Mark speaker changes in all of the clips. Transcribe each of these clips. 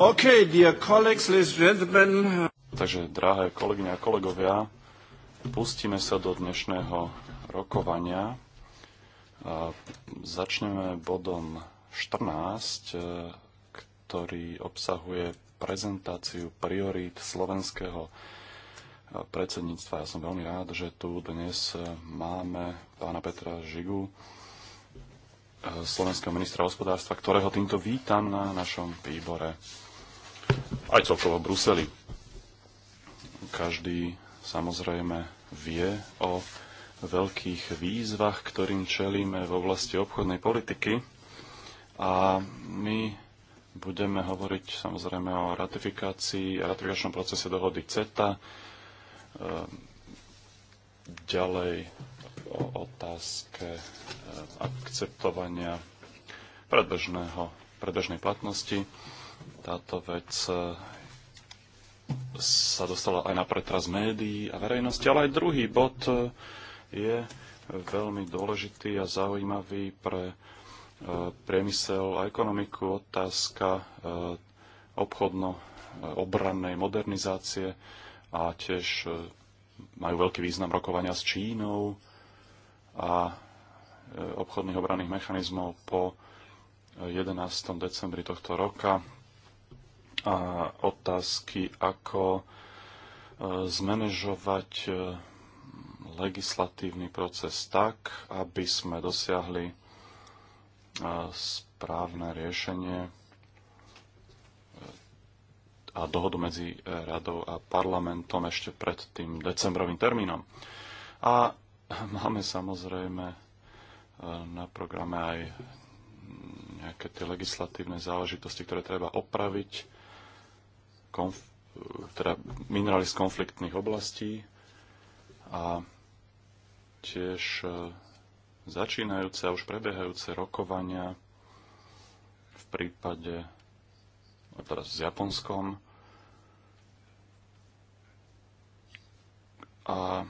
Speaker 1: Okay, dear colleagues, ladies and gentlemen. Takže, drahé kolegyne a kolegovia, pustíme sa do dnešného rokovania. A začneme bodom 14, e, ktorý obsahuje prezentáciu priorít slovenského e, predsedníctva. Ja som veľmi rád, že tu dnes e, máme pána Petra Žigu, slovenského ministra hospodárstva, ktorého týmto vítam na našom príbore Aj celkovo v Bruseli. Každý samozrejme vie o veľkých výzvach, ktorým čelíme v oblasti obchodnej politiky. A my budeme hovoriť samozrejme o ratifikácii, a ratifikačnom procese dohody CETA, ehm, ďalej o otázke e, akceptovania predbežného, predbežnej platnosti. Táto vec e, sa dostala aj na pretras médií a verejnosti, ale aj druhý bod e, je veľmi dôležitý a zaujímavý pre priemysel a ekonomiku, otázka obchodno-obrannej modernizácie a tiež majú veľký význam rokovania s Čínou a e, obchodných obranných mechanizmov po 11. decembri tohto roka a otázky, ako e, zmanéžovať e, legislatívny proces tak, aby sme dosiahli správne riešenie a dohodu medzi radou a parlamentom ešte pred tým decembrovým termínom. A Máme samozrejme e, na programe aj nejaké tie legislatívne záležitosti, ktoré treba opraviť, konf- teda minerály z konfliktných oblastí a tiež e, začínajúce a už prebiehajúce rokovania v prípade no teraz s Japonskom a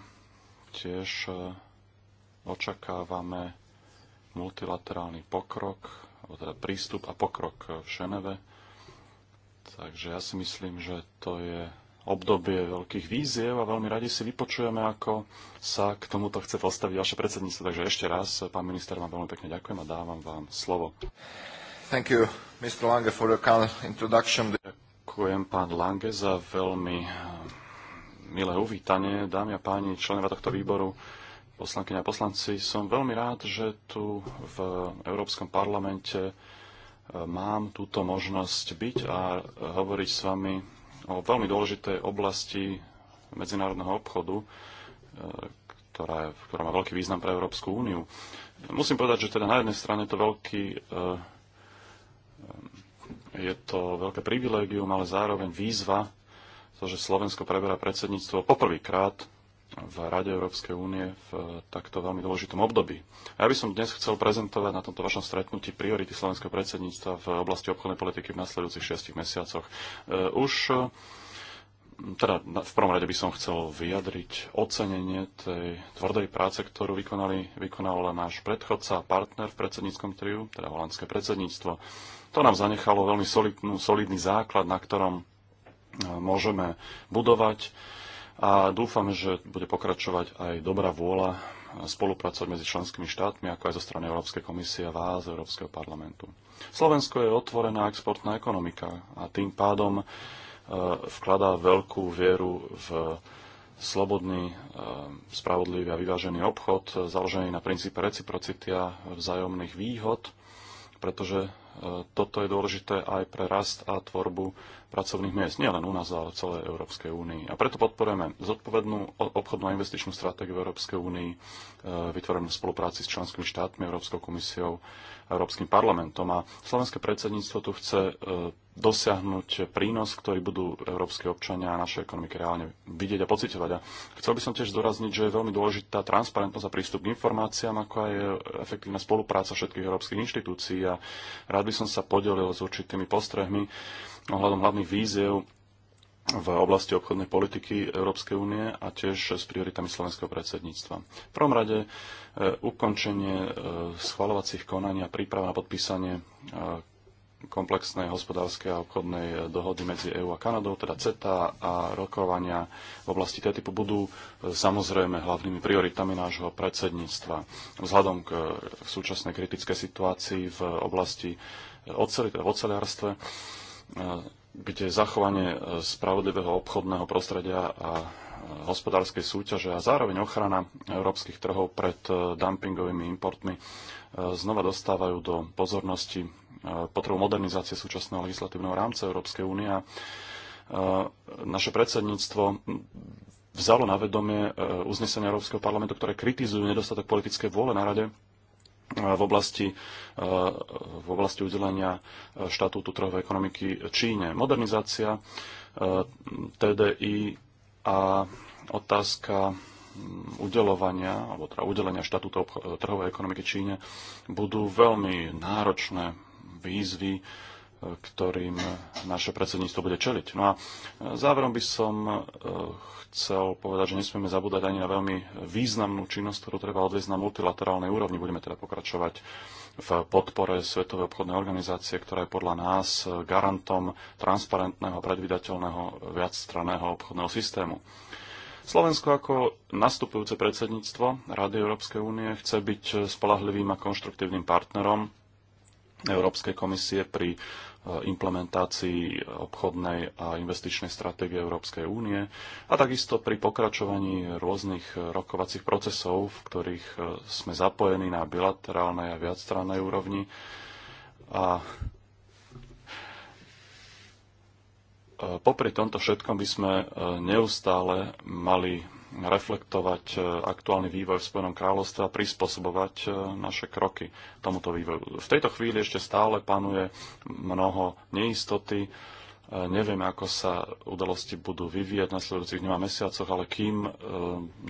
Speaker 1: Tiež e, očakávame multilaterálny pokrok, alebo teda prístup a pokrok e, v Ženeve. Takže ja si myslím, že to je obdobie veľkých víziev a veľmi radi si vypočujeme, ako sa k tomuto chce postaviť vaše predsedníctvo. Takže ešte raz, e, pán minister, vám veľmi pekne ďakujem a dávam vám slovo. Thank you, Mr. Lange, for your introduction. Ďakujem, pán Lange, za veľmi milé uvítanie, dámy a páni, členovia tohto výboru, poslankyne a poslanci. Som veľmi rád, že tu v Európskom parlamente e, mám túto možnosť byť a hovoriť s vami o veľmi dôležitej oblasti medzinárodného obchodu, e, ktorá, je, ktorá má veľký význam pre Európsku úniu. Musím povedať, že teda na jednej strane to veľký e, je to veľké privilégium, ale zároveň výzva to, že Slovensko preberá predsedníctvo poprvýkrát v Rade Európskej únie v takto veľmi dôležitom období. A ja by som dnes chcel prezentovať na tomto vašom stretnutí priority slovenského predsedníctva v oblasti obchodnej politiky v nasledujúcich šiestich mesiacoch. E, už e, teda v prvom rade by som chcel vyjadriť ocenenie tej tvrdej práce, ktorú vykonali, vykonal náš predchodca a partner v predsedníckom triu, teda holandské predsedníctvo. To nám zanechalo veľmi solidnú, solidný základ, na ktorom môžeme budovať a dúfam, že bude pokračovať aj dobrá vôľa spolupracovať medzi členskými štátmi, ako aj zo strany Európskej komisie a vás, Európskeho parlamentu. Slovensko je otvorená exportná ekonomika a tým pádom e, vkladá veľkú vieru v slobodný, e, spravodlivý a vyvážený obchod, založený na princípe reciprocity a vzájomných výhod, pretože E, toto je dôležité aj pre rast a tvorbu pracovných miest, nielen u nás, ale v celej Európskej únii. A preto podporujeme zodpovednú obchodnú a investičnú stratégiu Európskej únii, e, vytvorenú v spolupráci s členskými štátmi, Európskou komisiou a Európskym parlamentom. A slovenské predsedníctvo tu chce e, dosiahnuť prínos, ktorý budú európske občania a naše ekonomike reálne vidieť a pocitovať. A chcel by som tiež zdôrazniť, že je veľmi dôležitá transparentnosť a prístup k informáciám, ako aj efektívna spolupráca všetkých európskych inštitúcií. A rád by som sa podelil s určitými postrehmi ohľadom hlavných víziev v oblasti obchodnej politiky Európskej únie a tiež s prioritami slovenského predsedníctva. V prvom rade e, ukončenie e, schvalovacích konaní a príprava na podpísanie e, komplexnej hospodárskej a obchodnej dohody medzi EÚ a Kanadou, teda CETA a rokovania v oblasti TTIPu budú e, samozrejme hlavnými prioritami nášho predsedníctva. Vzhľadom k e, súčasnej kritickej situácii v oblasti e, oceli, teda v oceliarstve, kde zachovanie spravodlivého obchodného prostredia a hospodárskej súťaže a zároveň ochrana európskych trhov pred dumpingovými importmi znova dostávajú do pozornosti potrebu modernizácie súčasného legislatívneho rámca Európskej únie e, naše predsedníctvo vzalo na vedomie e, uznesenia Európskeho parlamentu, ktoré kritizujú nedostatok politickej vôle na rade e, v oblasti, v oblasti udelenia štatútu trhovej ekonomiky Číne. Modernizácia TDI a otázka mm, udelovania, alebo teda udelenia štatútu trhovej ekonomiky Číne budú veľmi náročné výzvy, e, ktorým naše predsedníctvo bude čeliť. No a e, záverom by som e, chcel povedať, že nesmieme zabúdať ani na veľmi významnú činnosť, ktorú treba odviesť na multilaterálnej úrovni. Budeme teda pokračovať v podpore Svetovej obchodnej organizácie, ktorá je podľa nás garantom transparentného, predvydateľného, viacstraného obchodného systému. Slovensko ako nastupujúce predsedníctvo Rady Európskej únie chce byť spolahlivým a konštruktívnym partnerom Európskej komisie pri e, implementácii obchodnej a investičnej stratégie Európskej únie a takisto pri pokračovaní rôznych rokovacích procesov, v ktorých e, sme zapojení na bilaterálnej a viacstrannej úrovni. A e, popri tomto všetkom by sme neustále mali reflektovať e, aktuálny vývoj v Spojenom kráľovstve a prispôsobovať e, naše kroky tomuto vývoju. V tejto chvíli ešte stále panuje mnoho neistoty. E, Nevieme, ako sa udalosti budú vyvíjať v nasledujúcich dňoch a mesiacoch, ale kým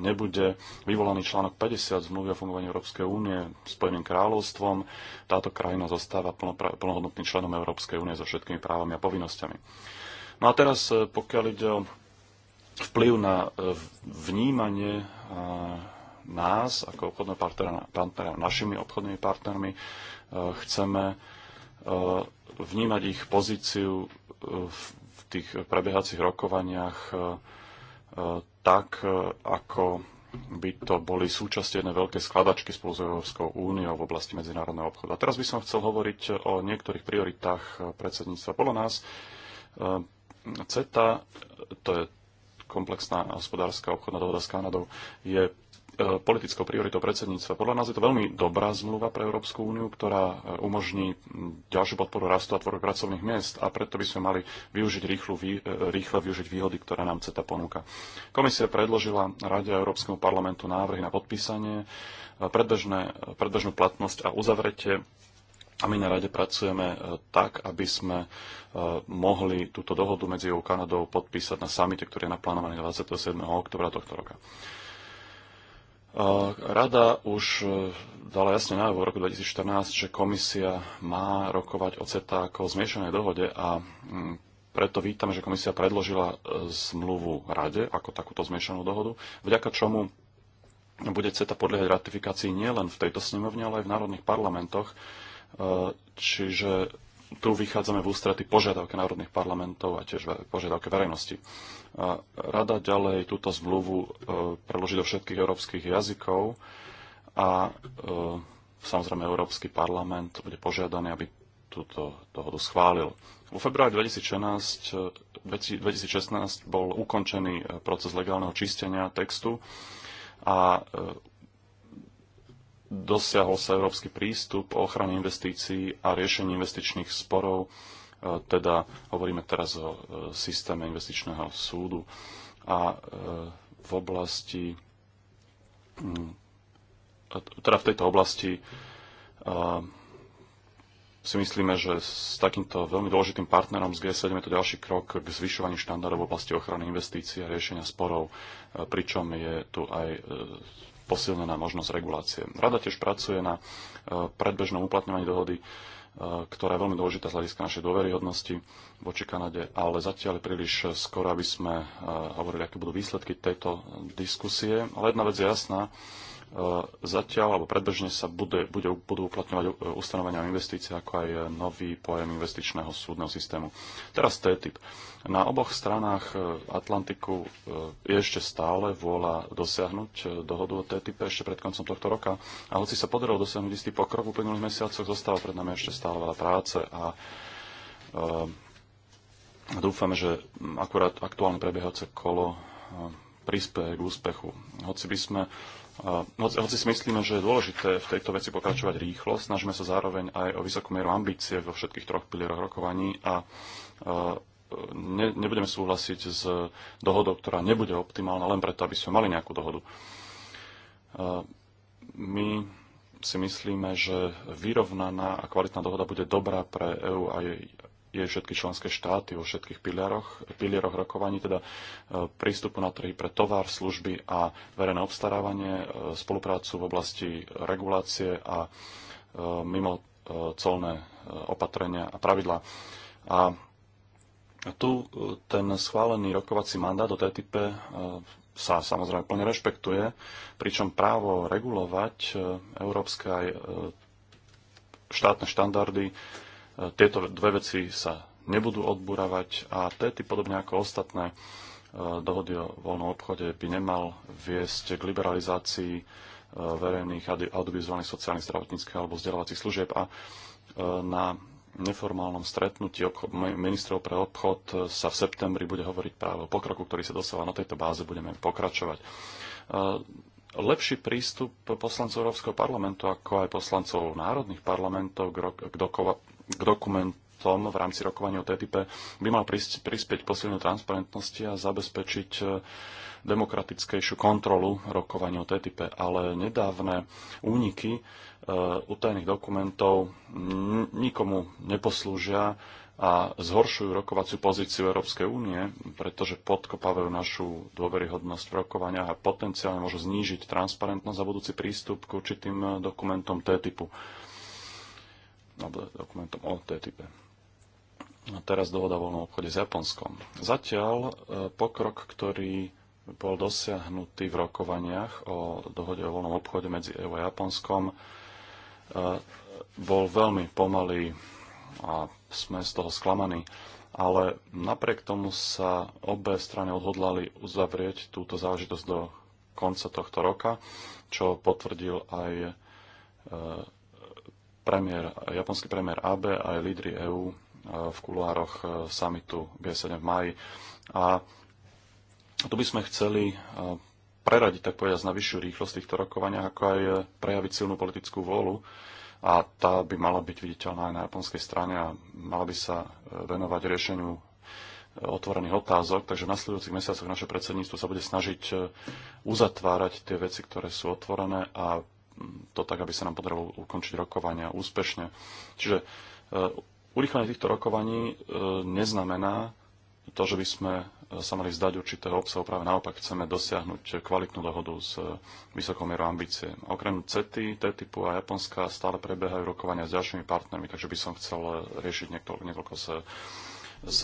Speaker 1: nebude vyvolaný článok 50 zmluvy o fungovaní Európskej únie Spojeným kráľovstvom, táto krajina zostáva plnohodnotným členom Európskej únie so všetkými právami a povinnosťami. No a teraz, pokiaľ ide o vplyv na e, vnímanie e, nás ako obchodného partnera, partnera našimi obchodnými partnermi. E, chceme vnímať ich pozíciu v tých prebiehacích rokovaniach tak, ako by to boli súčasť jednej veľkej skladačky spolu s Európskou úniou v oblasti medzinárodného obchodu. A teraz by som chcel hovoriť o niektorých prioritách predsedníctva. Podľa nás CETA, to je komplexná hospodárska obchodná dohoda s Kanadou je e, politickou prioritou predsedníctva. Podľa nás je to veľmi dobrá zmluva pre Európsku úniu, ktorá e, umožní ďalšiu podporu rastu a tvorbu pracovných miest a preto by sme mali využiť rýchlu, e, rýchle využiť výhody, ktoré nám CETA ponúka. Komisia predložila Rade Európskemu parlamentu návrhy na podpísanie, predbežnú platnosť a uzavretie a my na rade pracujeme e, tak, aby sme e, mohli túto dohodu medzi EU Kanadou podpísať na samite, ktorý je naplánovaný 27. oktobra tohto roka. E, rada už dala jasne najavo v roku 2014, že komisia má rokovať o CETA ako o zmiešanej dohode a mm, preto vítam, že komisia predložila zmluvu rade ako takúto zmiešanú dohodu, vďaka čomu bude CETA podliehať ratifikácii nielen v tejto snemovne, ale aj v národných parlamentoch E, čiže tu vychádzame v ústrety požiadavky národných parlamentov a tiež požiadavky verejnosti. E, rada ďalej túto zmluvu e, preloží do všetkých európskych jazykov a samozrejme Európsky parlament bude požiadaný, aby túto dohodu schválil. V februári 2016, 2016 bol ukončený proces legálneho čistenia textu a dosiahol sa európsky prístup o ochrane investícií a riešení investičných sporov, e, teda hovoríme teraz o e, systéme investičného súdu a e, v oblasti mm, teda v tejto oblasti si myslíme, že s takýmto veľmi dôležitým partnerom z G7 je to ďalší krok k zvyšovaniu štandardov v oblasti ochrany investícií a riešenia sporov, pričom je tu aj posilnená možnosť regulácie. Rada tiež pracuje na e, predbežnom uplatňovaní dohody, e, ktorá je veľmi dôležitá z hľadiska našej dôveryhodnosti voči Kanade, ale zatiaľ je príliš skoro, aby sme e, hovorili, aké budú výsledky tejto diskusie. Ale jedna vec je jasná, E, zatiaľ, alebo predbežne sa bude, bude, budú uplatňovať e, ustanovenia o investície, ako aj e, nový pojem investičného súdneho systému. Teraz TTIP. Na oboch stranách Atlantiku je ešte stále vôľa dosiahnuť dohodu o TTIP ešte pred koncom tohto roka. A hoci sa podarilo dosiahnuť istý pokrok v uplynulých mesiacoch, zostáva pred nami ešte stále veľa práce a dúfame, že akurát aktuálne prebiehajúce kolo prispieje k úspechu. Hoci by sme hoci si myslíme, že je dôležité v tejto veci pokračovať rýchlo, snažíme sa zároveň aj o vysokú mieru ambície vo všetkých troch pilieroch rokovaní a ne, nebudeme súhlasiť s dohodou, ktorá nebude optimálna len preto, aby sme mali nejakú dohodu. My si myslíme, že vyrovnaná a kvalitná dohoda bude dobrá pre EÚ a jej je všetky členské štáty vo všetkých pilieroch, pilieroch rokovaní, teda e, prístupu na trhy pre tovar, služby a verejné obstarávanie, e, spoluprácu v oblasti regulácie a e, mimo colné opatrenia a pravidlá. A tu ten schválený rokovací mandát o TTIP sa samozrejme plne rešpektuje, pričom právo regulovať európske aj štátne štandardy E, tieto dve veci sa nebudú odburavať a TTIP, podobne ako ostatné e, dohody o voľnom obchode, by nemal viesť k liberalizácii e, verejných audiovizuálnych, sociálnych, zdravotníckých alebo vzdelávacích služieb. A na neformálnom stretnutí ministrov pre obchod sa v septembri bude hovoriť práve o pokroku, ktorý sa dosáva. Na tejto báze budeme pokračovať. Lepší prístup poslancov Európskeho parlamentu, ako aj poslancov národných parlamentov k, k dokumentom v rámci rokovania o TTIP by mal prispieť posilnú transparentnosti a zabezpečiť e, demokratickejšiu kontrolu rokovania o TTIP, ale nedávne úniky e, utajených dokumentov nikomu neposlúžia a zhoršujú rokovaciu pozíciu Európskej únie, pretože podkopávajú našu dôveryhodnosť v rokovaniach a potenciálne môžu znížiť transparentnosť a budúci prístup k určitým e, dokumentom T-typu alebo dokumentom o type. A teraz dohoda o voľnom obchode s Japonskom. Zatiaľ e, pokrok, ktorý bol dosiahnutý v rokovaniach o dohode o voľnom obchode medzi EU a Japonskom, e, bol veľmi pomalý a sme z toho sklamaní. Ale napriek tomu sa obe strany odhodlali uzavrieť túto záležitosť do konca tohto roka, čo potvrdil aj e, premiér, japonský premiér Abe a aj lídry EÚ e, v kuloároch e, samitu G7 v maji. A tu by sme chceli e, preradiť, tak povedať, na vyššiu rýchlosť týchto rokovania, ako aj prejaviť silnú politickú vôľu. A tá by mala byť viditeľná aj na japonskej strane a mala by sa venovať riešeniu otvorených otázok. Takže v nasledujúcich mesiacoch naše predsedníctvo sa bude snažiť uzatvárať tie veci, ktoré sú otvorené a to tak, aby sa nám podarilo ukončiť rokovania úspešne. Čiže e, urychlenie týchto rokovaní e, neznamená to, že by sme e, sa mali zdať určitého obsahu. Práve naopak chceme dosiahnuť kvalitnú dohodu s vysokou mierou ambície. Okrem CETI, T-typu a Japonska stále prebiehajú rokovania s ďalšími partnermi, takže by som chcel riešiť niekoľko, niekoľko z, z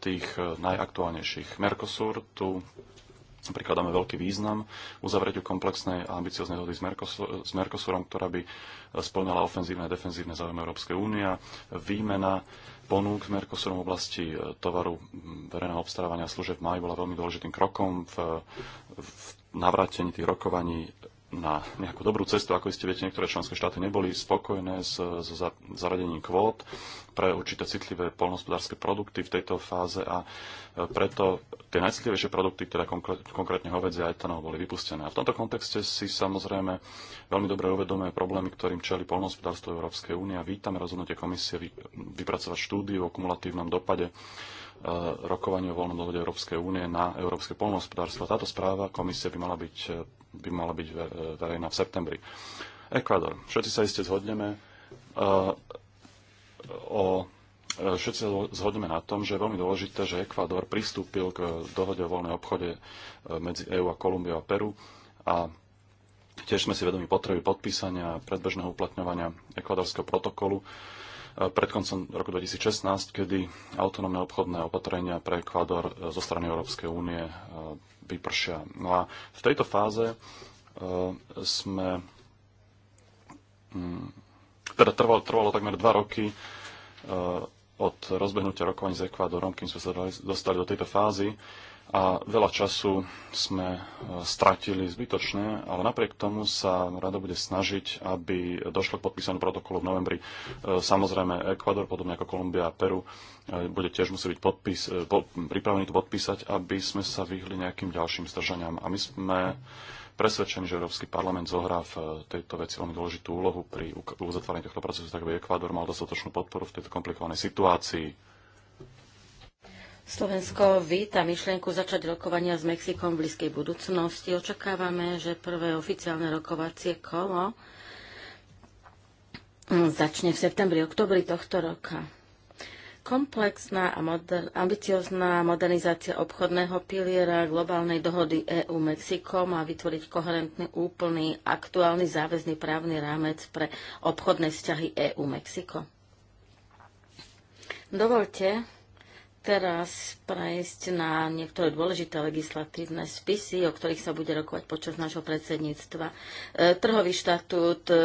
Speaker 1: tých najaktuálnejších. Mercosur, tu prikladáme veľký význam uzavretiu komplexnej a ambicioznej dohody s, Mercosur, s Mercosurom, ktorá by eh, splňala ofenzívne a defenzívne záujmy Európskej únie. Výmena ponúk s Mercosurom v oblasti eh, tovaru mm, verejného obstarávania služeb v maji bola veľmi dôležitým krokom v, v navrátení tých rokovaní na nejakú dobrú cestu. Ako ste viete, niektoré členské štáty neboli spokojné s, s zaradením kvót pre určité citlivé polnospodárske produkty v tejto fáze a e, preto tie najcitlivejšie produkty, teda konkrétne hovedzie a etanol, boli vypustené. A v tomto kontexte si samozrejme veľmi dobre uvedomujeme problémy, ktorým čeli polnospodárstvo Európskej únie a vítame rozhodnutie komisie vypracovať štúdiu o kumulatívnom dopade E, rokovanie o voľnom dohode Európskej únie na európske polnohospodárstvo. Táto správa komisie by mala byť, e, by mala byť e, verejná v septembri. Ekvador. Všetci sa iste zhodneme o Všetci sa zhodneme na tom, že je veľmi dôležité, že Ekvádor pristúpil k dohode o voľnej obchode medzi EÚ a Kolumbiou a Peru a tiež sme si vedomi potreby podpísania predbežného uplatňovania ekvadorského protokolu Eh, pred koncom roku 2016, kedy autonómne obchodné opatrenia pre Ekvádor eh, zo strany Európskej únie eh, vypršia. No a v tejto fáze sme mm, teda trvalo, trvalo takmer dva roky od rozbehnutia rokovaní s Ekvádorom, kým sme sa dostali do tejto fázy a veľa času sme e, stratili zbytočne, ale napriek tomu sa rada bude snažiť, aby došlo k podpísaniu protokolu v novembri. E, samozrejme, Ekvador, podobne ako Kolumbia a Peru, e, bude tiež musieť byť podpis, po, pripravený to podpísať, aby sme sa vyhli nejakým ďalším zdržaniam. A my sme presvedčení, že Európsky parlament zohrá v tejto veci veľmi dôležitú úlohu pri uzatváraní tohto procesu, tak aby Ekvador mal dostatočnú podporu v tejto komplikovanej situácii.
Speaker 2: Slovensko víta myšlienku začať rokovania s Mexikom v blízkej budúcnosti. Očakávame, že prvé oficiálne rokovacie kolo začne v septembri, oktobri tohto roka. Komplexná a moder- ambiciozná modernizácia obchodného piliera globálnej dohody EU-Mexiko má vytvoriť koherentný, úplný, aktuálny záväzný právny rámec pre obchodné vzťahy EU-Mexiko. Dovolte, teraz prejsť na niektoré dôležité legislatívne spisy, o ktorých sa bude rokovať počas nášho predsedníctva. E, trhový štatút, e,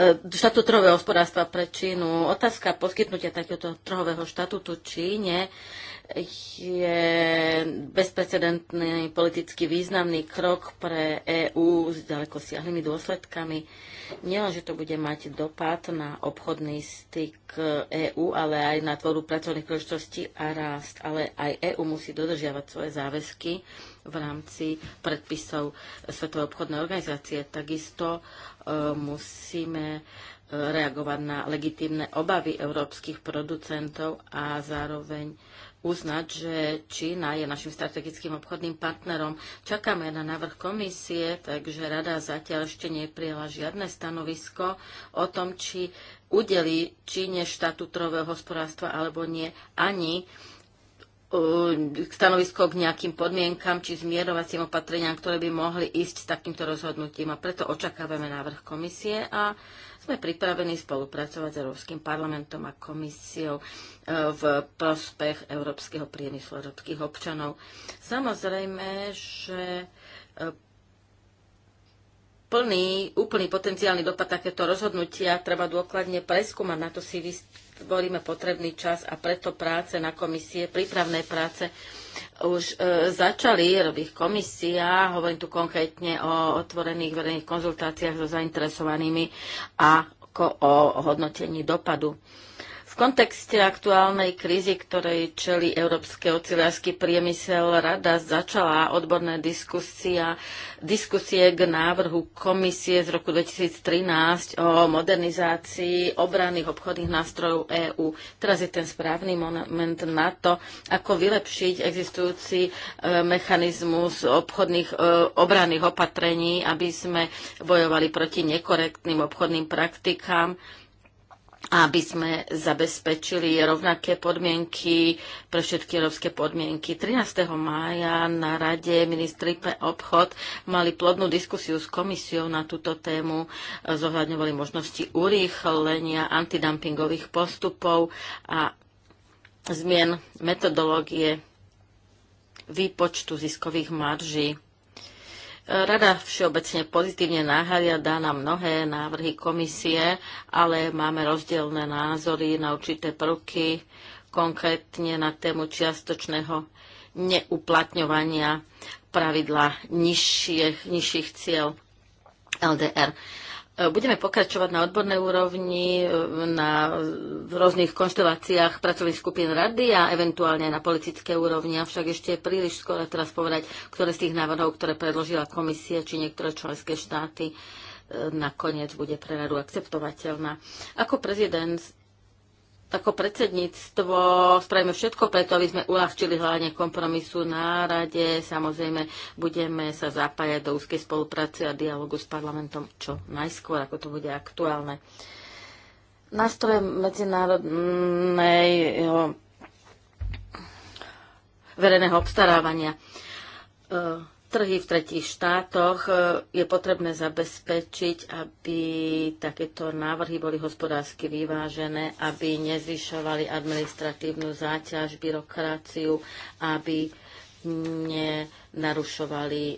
Speaker 2: e, štatút trhového hospodárstva pre Čínu, otázka poskytnutia takéhoto trhového štatútu Číne, je bezprecedentný politicky významný krok pre EÚ s ďaleko siahlými dôsledkami. Nielen, že to bude mať dopad na obchodný styk EÚ, ale aj na tvoru pracovných príležitostí a rast. Ale aj EÚ musí dodržiavať svoje záväzky v rámci predpisov Svetovej obchodnej organizácie. Takisto e, musíme e, reagovať na legitímne obavy európskych producentov a zároveň uznať, že Čína je našim strategickým obchodným partnerom. Čakáme na návrh komisie, takže rada zatiaľ ešte neprijela žiadne stanovisko o tom, či udeli Číne štatút hospodárstva alebo nie, ani Eh, stanovisko k nejakým podmienkam či zmierovacím opatreniam, ktoré by mohli ísť s takýmto rozhodnutím. A preto očakávame návrh komisie a sme pripravení spolupracovať s Európskym parlamentom a komisiou eh, v prospech európskeho priemyslu, európskych občanov. Samozrejme, že eh, plný, úplný potenciálny dopad takéto rozhodnutia treba dôkladne preskúmať. Na to si vytvoríme potrebný čas a preto práce na komisie, prípravné práce už e, začali, robiť komisia, hovorím tu konkrétne o otvorených verejných konzultáciách so zainteresovanými a o hodnotení dopadu. V kontexte aktuálnej krízy, ktorej čelí európske ocilársky priemysel, rada začala odborné diskusia, diskusie k návrhu komisie z roku 2013 o modernizácii obranných obchodných nástrojov EÚ. Teraz je ten správny moment na to, ako vylepšiť existujúci e, mechanizmus obchodných e, obranných opatrení, aby sme bojovali proti nekorektným obchodným praktikám aby sme zabezpečili rovnaké podmienky pre všetky európske podmienky. 13. mája na Rade ministri pre obchod mali plodnú diskusiu s komisiou na túto tému, zohľadňovali možnosti urýchlenia antidumpingových postupov a zmien metodológie výpočtu ziskových marží Rada všeobecne pozitívne nahliada na mnohé návrhy komisie, ale máme rozdielne názory na určité prvky, konkrétne na tému čiastočného neuplatňovania pravidla nižších, nižších cieľ LDR. E, budeme pokračovať na odbornej úrovni, e, na rôznych konšteláciách pracovných skupín rady a eventuálne na politické úrovni, avšak ešte je príliš skoro teraz povedať, ktoré z tých návrhov, ktoré predložila komisia či niektoré členské štáty, e, nakoniec bude pre radu akceptovateľná. Ako prezident ako predsedníctvo spravíme všetko preto, aby sme uľahčili hľadanie kompromisu na rade. Samozrejme, budeme sa zapájať do úzkej spolupráce a dialogu s parlamentom čo najskôr, ako to bude aktuálne. Nástroje medzinárodnej
Speaker 1: verejného obstarávania.
Speaker 2: E, trhy v tretích štátoch e, je potrebné zabezpečiť, aby takéto návrhy boli hospodársky vyvážené, aby nezvyšovali administratívnu záťaž, byrokraciu, aby nenarušovali e,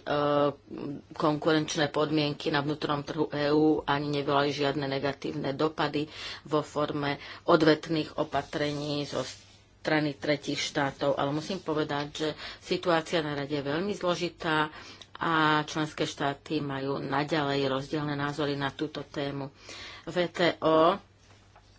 Speaker 2: konkurenčné podmienky na vnútornom trhu EÚ ani nevolali žiadne negatívne dopady vo forme odvetných opatrení zo strany tretich štátov. Ale musím povedať, že situácia na rade je veľmi zložitá a členské štáty majú naďalej rozdielne názory na túto tému. VTO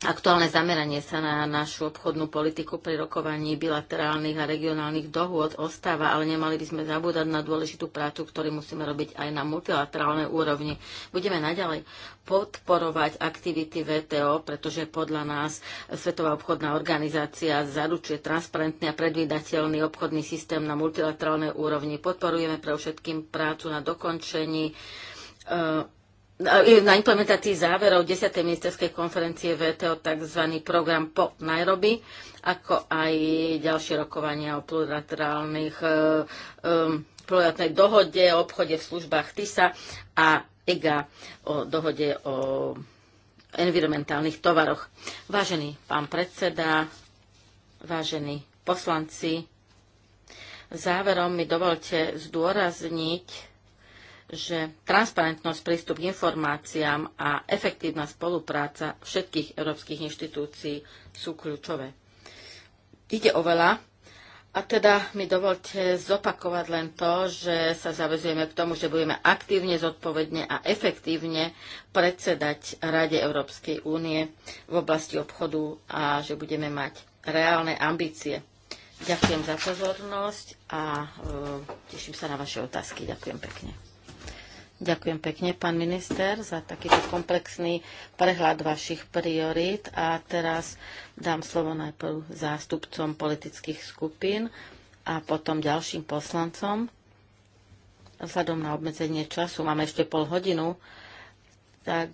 Speaker 2: aktuálne zameranie sa na našu obchodnú politiku pri rokovaní bilaterálnych a regionálnych dohôd ostáva, ale nemali by sme zabúdať na dôležitú prácu, ktorú musíme robiť aj na multilaterálnej úrovni. Budeme naďalej podporovať aktivity VTO, pretože podľa nás Svetová obchodná organizácia zaručuje transparentný a predvídateľný obchodný systém na multilaterálnej úrovni. Podporujeme pre všetkým prácu na dokončení e, E, na implementácii záverov 10. ministerskej konferencie VTO tzv. program po Nairobi, ako aj ďalšie rokovania o plurilaterálnych um, plurilaterálnej dohode o obchode v službách TISA a EGA o dohode o environmentálnych tovaroch. Vážený pán predseda, vážení poslanci, záverom mi dovolte zdôrazniť, že transparentnosť, prístup k informáciám a efektívna spolupráca všetkých európskych inštitúcií sú kľúčové. Ide o veľa, a teda mi dovolte zopakovať len to, že sa zavezujeme k tomu, že budeme aktívne, zodpovedne a efektívne predsedať Rade Európskej únie v oblasti obchodu a že budeme mať reálne ambície. Ďakujem za pozornosť a e, teším sa na vaše otázky. Ďakujem pekne. Ďakujem pekne, pán minister, za takýto komplexný prehľad vašich priorít. A teraz dám slovo najprv zástupcom politických skupín a potom ďalším poslancom. Vzhľadom na obmedzenie času máme ešte pol hodinu, tak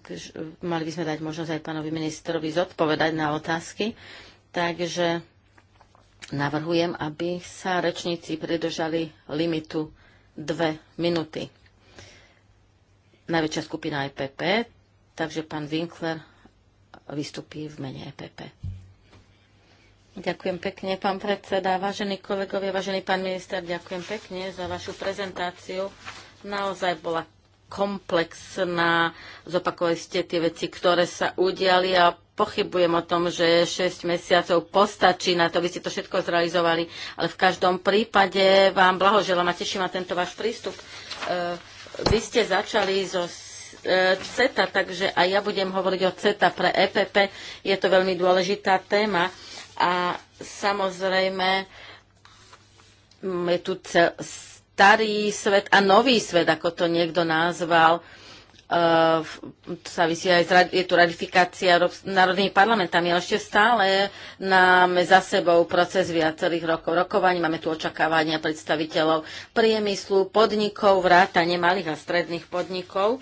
Speaker 2: mali by sme dať možnosť aj pánovi ministrovi zodpovedať na otázky. Takže navrhujem, aby sa rečníci pridržali limitu dve minúty najväčšia skupina EPP, takže pán Winkler vystupí v mene EPP. Ďakujem pekne, pán predseda, vážení kolegovia, vážený pán minister, ďakujem pekne za vašu prezentáciu. Naozaj bola komplexná, zopakovali ste tie veci, ktoré sa udiali a pochybujem o tom, že 6 mesiacov postačí na to, by ste to všetko zrealizovali, ale v každom prípade vám blahoželám a teším ma tento váš prístup. E, vy ste začali zo e, CETA, takže aj ja budem hovoriť o CETA pre EPP. Je to veľmi dôležitá téma a samozrejme mm, je tu starý svet a nový svet, ako to niekto nazval. Eh, závisí aj, je tu ratifikácia národnými parlamentami, ale ešte stále máme za sebou proces viacerých rokov rokovaní. Máme tu očakávania predstaviteľov priemyslu, podnikov, vrátane malých a stredných podnikov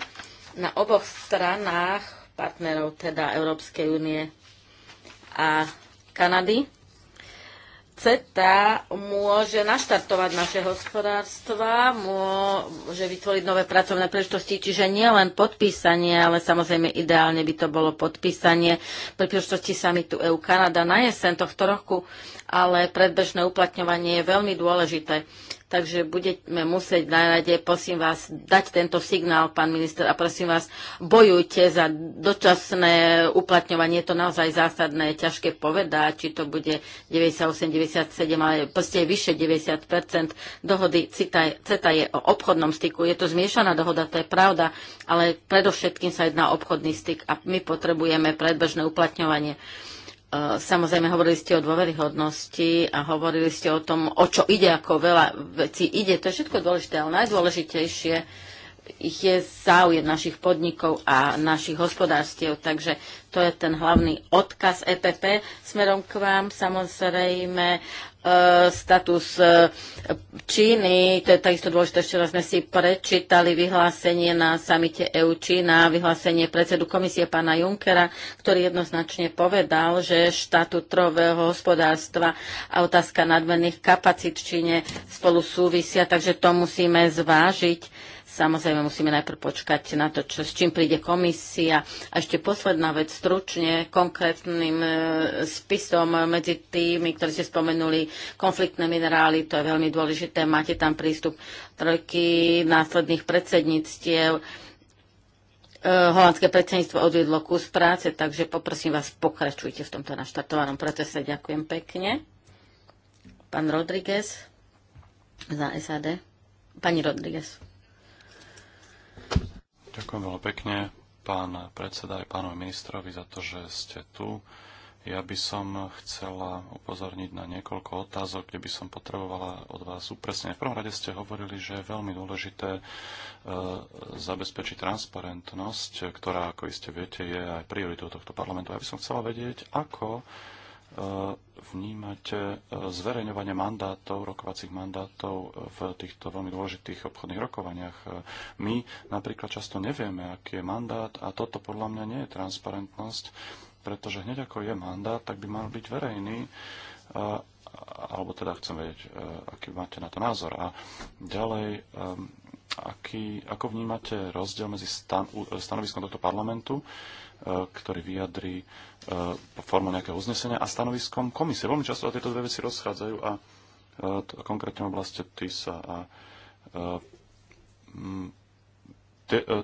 Speaker 2: na oboch stranách partnerov, teda Európskej únie a Kanady. CETA môže naštartovať naše hospodárstva, môže vytvoriť nové pracovné príležitosti, čiže nie len podpísanie, ale samozrejme ideálne by to bolo podpísanie pri príležitosti samitu EU Kanada na jesen tohto roku, ale predbežné uplatňovanie je veľmi dôležité takže budeme musieť na rade, prosím vás, dať tento signál, pán minister, a prosím vás, bojujte za dočasné uplatňovanie, je to naozaj zásadné, ťažké povedať, či to bude 98, 97, ale proste je vyše 90 dohody CETA, CETA je o obchodnom styku, je to zmiešaná dohoda, to je pravda, ale predovšetkým sa jedná o obchodný styk a my potrebujeme predbežné uplatňovanie. Samozrejme, hovorili ste o dôveryhodnosti a hovorili ste o tom, o čo ide, ako veľa vecí ide. To je všetko dôležité, ale najdôležitejšie je záujem našich podnikov a našich hospodárstiev. Takže to je ten hlavný odkaz EPP. Smerom k vám samozrejme Eh, status eh, Číny, to je takisto dôležité, včera sme si prečítali vyhlásenie na samite EU Čína, vyhlásenie predsedu komisie pána Junckera, ktorý jednoznačne povedal, že štátu trového hospodárstva a otázka nadmerných kapacít v Číne spolu súvisia, takže to musíme zvážiť Samozrejme musíme najprv počkať na to, čo, s čím príde komisia. A ešte posledná vec, stručne, konkrétnym e, spisom medzi tými, ktorí ste spomenuli, konfliktné minerály, to je veľmi dôležité. Máte tam prístup trojky následných predsedníctiev e, holandské predsedníctvo odvedlo kus práce, takže poprosím vás, pokračujte v tomto naštartovanom procese. Ďakujem pekne. Pán Rodriguez za SAD. Pani Rodriguez.
Speaker 1: Ďakujem veľmi pekne, pán predseda aj pánovi ministrovi, za to, že ste tu. Ja by som chcela upozorniť na niekoľko otázok, kde by som potrebovala od vás upresnenie. V prvom rade ste hovorili, že je veľmi dôležité e, zabezpečiť transparentnosť, ktorá, ako iste viete, je aj prioritou tohto parlamentu. Ja by som chcela vedieť, ako Eh, vnímať eh, zverejňovanie mandátov, rokovacích mandátov v týchto veľmi dôležitých obchodných rokovaniach. Eh, my napríklad často nevieme, aký je mandát a toto podľa mňa nie je transparentnosť, pretože hneď ako je mandát, tak by mal byť verejný alebo teda chcem vedieť, aký máte na to názor. A ďalej, aký, ako vnímate rozdiel medzi stan, stanoviskom tohto parlamentu ktorý vyjadrí e, formu nejakého uznesenia a stanoviskom komisie. Veľmi často tieto dve veci rozchádzajú a e, konkrétne v oblasti TISA a e,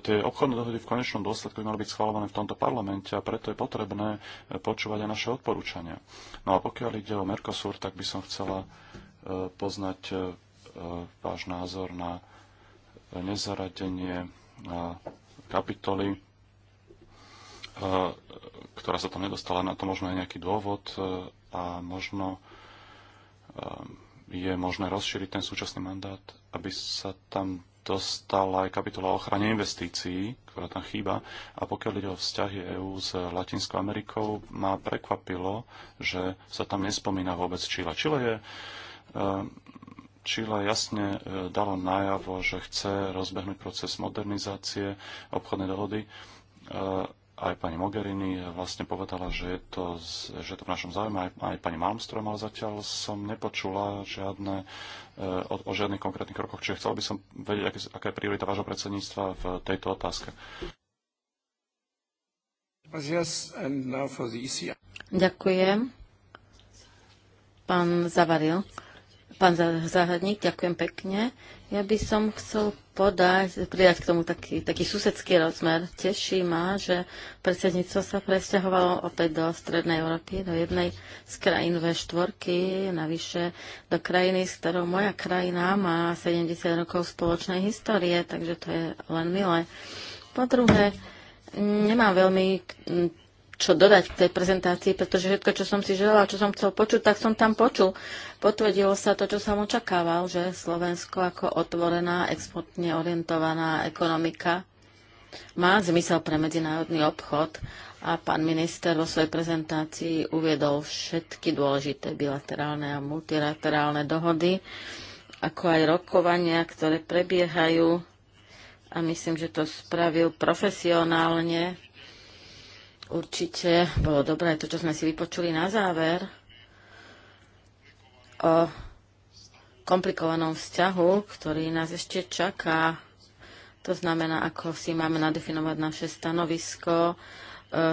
Speaker 1: tie obchodné dohody v konečnom dôsledku by mali byť schvalované v tomto parlamente a preto je potrebné počúvať aj naše odporúčania. No a pokiaľ ide o Mercosur, tak by som chcela poznať váš názor na nezaradenie kapitoly E, ktorá sa tam nedostala, na to možno je nejaký dôvod e, a možno e, je možné rozšíriť ten súčasný mandát, aby sa tam dostala aj kapitola o ochrane investícií, ktorá tam chýba. A pokiaľ ide o vzťahy EÚ s Latinskou Amerikou, ma prekvapilo, že sa tam nespomína vôbec Čile. Čile je Čile jasne dalo najavo, že chce rozbehnúť proces modernizácie obchodnej dohody aj pani Mogherini vlastne povedala, že je to, že je to v našom záujme aj, aj pani Malmström, ale zatiaľ som nepočula žiadne, eh, o, o žiadnych konkrétnych krokoch, čiže chcel by som vedieť, aké, aká je priorita vášho predsedníctva v tejto otázke.
Speaker 2: E ďakujem. Pán Zavaril, pán Zahradník, ďakujem pekne. Ja by som chcel podať, pridať k tomu taký, taký susedský rozmer. Teší ma, že predsedníctvo sa presťahovalo opäť do Strednej Európy, do jednej z krajín V4, navyše do krajiny, s ktorou moja krajina má 70 rokov spoločnej histórie, takže to je len milé. Po druhé, nemám veľmi čo dodať k tej prezentácii, pretože všetko, čo som si želala, čo som chcel počuť, tak som tam počul. Potvrdilo sa to, čo som očakával, že Slovensko ako otvorená, exportne orientovaná ekonomika má zmysel pre medzinárodný obchod a pán minister vo svojej prezentácii uviedol všetky dôležité bilaterálne a multilaterálne dohody, ako aj rokovania, ktoré prebiehajú a myslím, že to spravil profesionálne, Určite bolo dobré to, čo sme si vypočuli na záver o komplikovanom vzťahu, ktorý nás ešte čaká. To znamená, ako si máme nadefinovať naše stanovisko, e,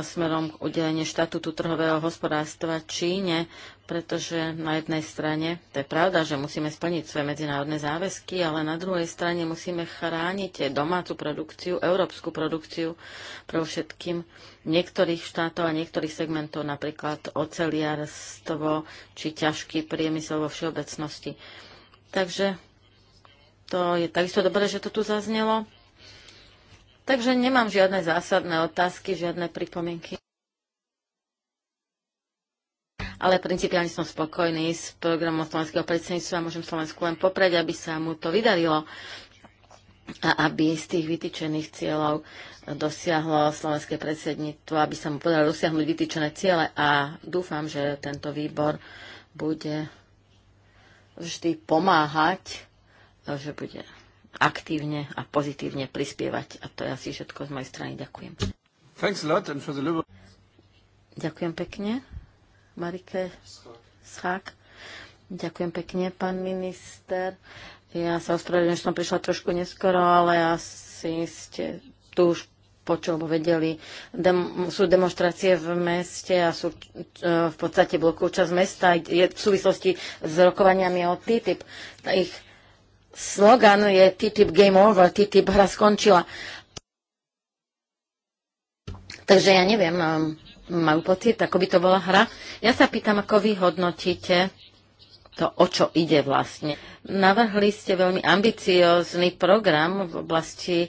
Speaker 2: smerom k udeleniu štatútu trhového hospodárstva Číne pretože na jednej strane, to je pravda, že musíme splniť svoje medzinárodné záväzky, ale na druhej strane musíme chrániť domácu produkciu, európsku produkciu pre všetkým niektorých štátov a niektorých segmentov, napríklad oceliarstvo či ťažký priemysel vo všeobecnosti. Takže to je takisto dobré, že to tu zaznelo. Takže nemám žiadne zásadné otázky, žiadne pripomienky ale principiálne som spokojný s programom slovenského predsedníctva a môžem Slovensku len poprať, aby sa mu to vydarilo a aby z tých vytýčených cieľov dosiahlo slovenské predsedníctvo, aby sa mu podarilo dosiahnuť vytýčené ciele a dúfam, že tento výbor bude vždy pomáhať, že bude aktívne a pozitívne prispievať. A to je asi všetko z mojej strany. Ďakujem. Ďakujem pekne Marike Schák. Ďakujem pekne, pán minister. Ja sa ospravedlňujem, že som prišla trošku neskoro, ale asi ste tu už počul, vedeli. Dem- sú demonstrácie v meste a sú uh, v podstate blokujú časť mesta je v súvislosti s rokovaniami o TTIP. Ich slogan je TTIP game over, TTIP hra skončila. Takže ja neviem, e, majú pocit, ako by to bola hra. Ja sa pýtam, ako vy hodnotíte to, o čo ide vlastne. Navrhli ste veľmi ambiciózny program v oblasti e,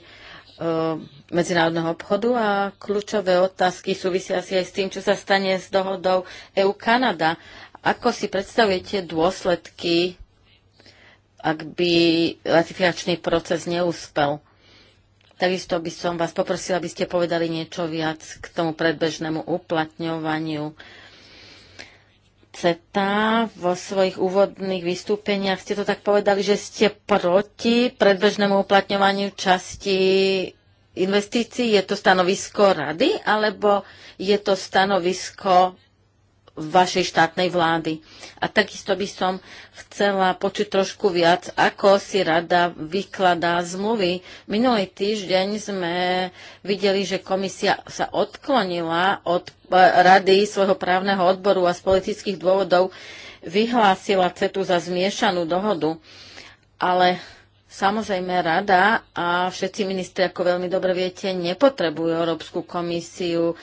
Speaker 2: medzinárodného obchodu a kľúčové otázky súvisia si aj s tým, čo sa stane s dohodou EU-Kanada. Ako si predstavujete dôsledky, ak by ratifikačný proces neúspel? Takisto by som vás poprosila, aby ste povedali niečo viac k tomu predbežnému uplatňovaniu CETA. Vo svojich úvodných vystúpeniach ste to tak povedali, že ste proti predbežnému uplatňovaniu časti investícií. Je to stanovisko rady, alebo je to stanovisko vašej štátnej vlády. A takisto by som chcela počuť trošku viac, ako si rada vykladá zmluvy. Minulý týždeň sme videli, že komisia sa odklonila od e, rady svojho právneho odboru a z politických dôvodov vyhlásila CETU za zmiešanú dohodu. Ale Samozrejme, rada a všetci ministri, ako veľmi dobre viete, nepotrebujú Európsku komisiu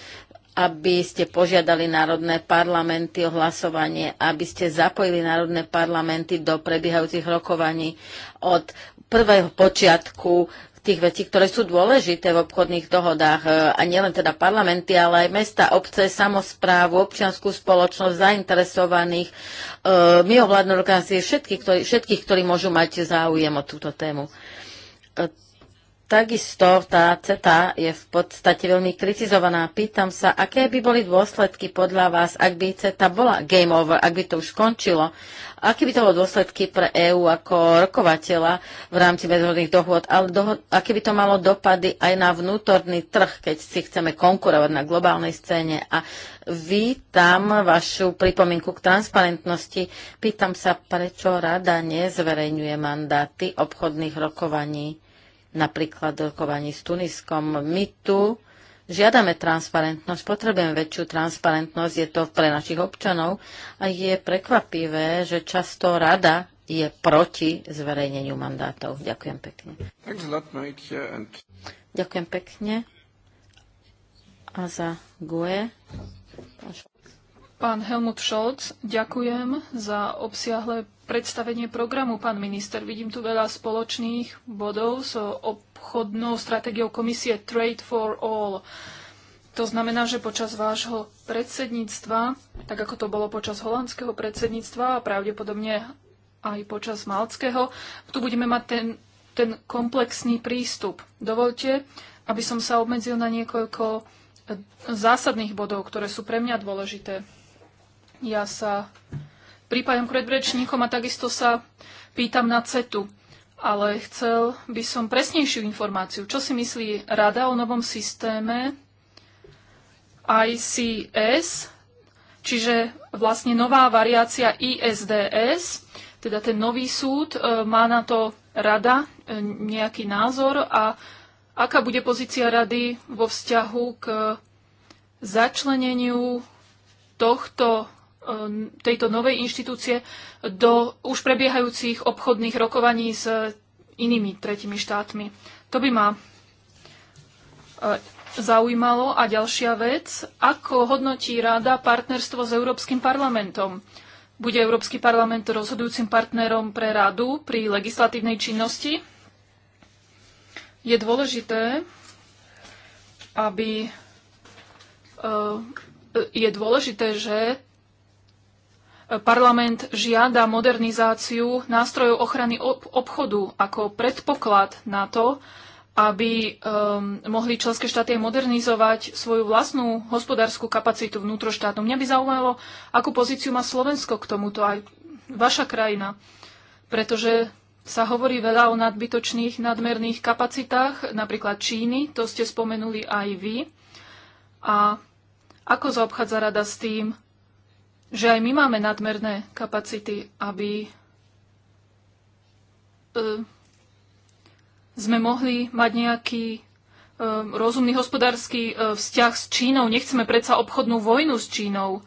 Speaker 2: aby ste požiadali národné parlamenty o hlasovanie, aby ste zapojili národné parlamenty do prebiehajúcich rokovaní od prvého počiatku tých vecí, ktoré sú dôležité v obchodných dohodách. E, a nielen teda parlamenty, ale aj mesta, obce, samozprávu, občianskú spoločnosť, zainteresovaných, e, mimovládne organizácie, všetkých, ktorí, všetkých, ktorí môžu mať záujem o túto tému e, Takisto tá CETA je v podstate veľmi kritizovaná. Pýtam sa, aké by boli dôsledky podľa vás, ak by CETA bola game over, ak by to už skončilo? Aké by to bolo dôsledky pre EÚ ako rokovateľa v rámci medzinárodných dohôd, ale doho- aké by to malo dopady aj na vnútorný trh, keď si chceme konkurovať na globálnej scéne? A vítam vašu pripomienku k transparentnosti. Pýtam sa, prečo rada nezverejňuje mandáty obchodných rokovaní napríklad rokovaní s Tuniskom. My tu žiadame transparentnosť, potrebujeme väčšiu transparentnosť, je to pre našich občanov a je prekvapivé, že často rada je proti zverejneniu mandátov. Ďakujem pekne. Ďakujem pekne. A za GUE. Pán Helmut Scholz,
Speaker 3: ďakujem za obsiahle predstavenie programu, pán minister. Vidím tu veľa spoločných bodov s so obchodnou stratégiou komisie Trade for All. To znamená, že počas vášho predsedníctva, tak ako to bolo počas holandského predsedníctva a pravdepodobne aj počas malckého, tu budeme mať ten, ten komplexný prístup. Dovolte, aby som sa obmedzil na niekoľko zásadných bodov, ktoré sú pre mňa dôležité. Ja sa pripájam k predbrečníkom a takisto sa pýtam na CETu, ale chcel by som presnejšiu informáciu. Čo si myslí Rada o novom systéme ICS, čiže vlastne nová variácia ISDS, teda ten nový súd, e, má na to Rada e, nejaký názor a aká bude pozícia Rady vo vzťahu k začleneniu tohto E, tejto novej inštitúcie do už prebiehajúcich obchodných rokovaní s inými tretimi štátmi. To by ma e, zaujímalo. A ďalšia vec, ako hodnotí Rada partnerstvo s Európskym parlamentom? Bude Európsky parlament rozhodujúcim partnerom pre Radu pri legislatívnej činnosti? Je dôležité, aby e, je dôležité, že Parlament žiada modernizáciu nástrojov ochrany obchodu ako predpoklad na to, aby um, mohli členské štáty modernizovať svoju vlastnú hospodárskú kapacitu vnútroštátnu. Mňa by zaujímalo, akú pozíciu má Slovensko k tomuto aj vaša krajina, pretože sa hovorí veľa o nadbytočných, nadmerných kapacitách, napríklad Číny, to ste spomenuli aj vy. A ako zaobchádza rada s tým, že aj my máme nadmerné kapacity, aby e, sme mohli mať nejaký e, rozumný hospodársky e, vzťah s Čínou. Nechceme predsa obchodnú vojnu s Čínou.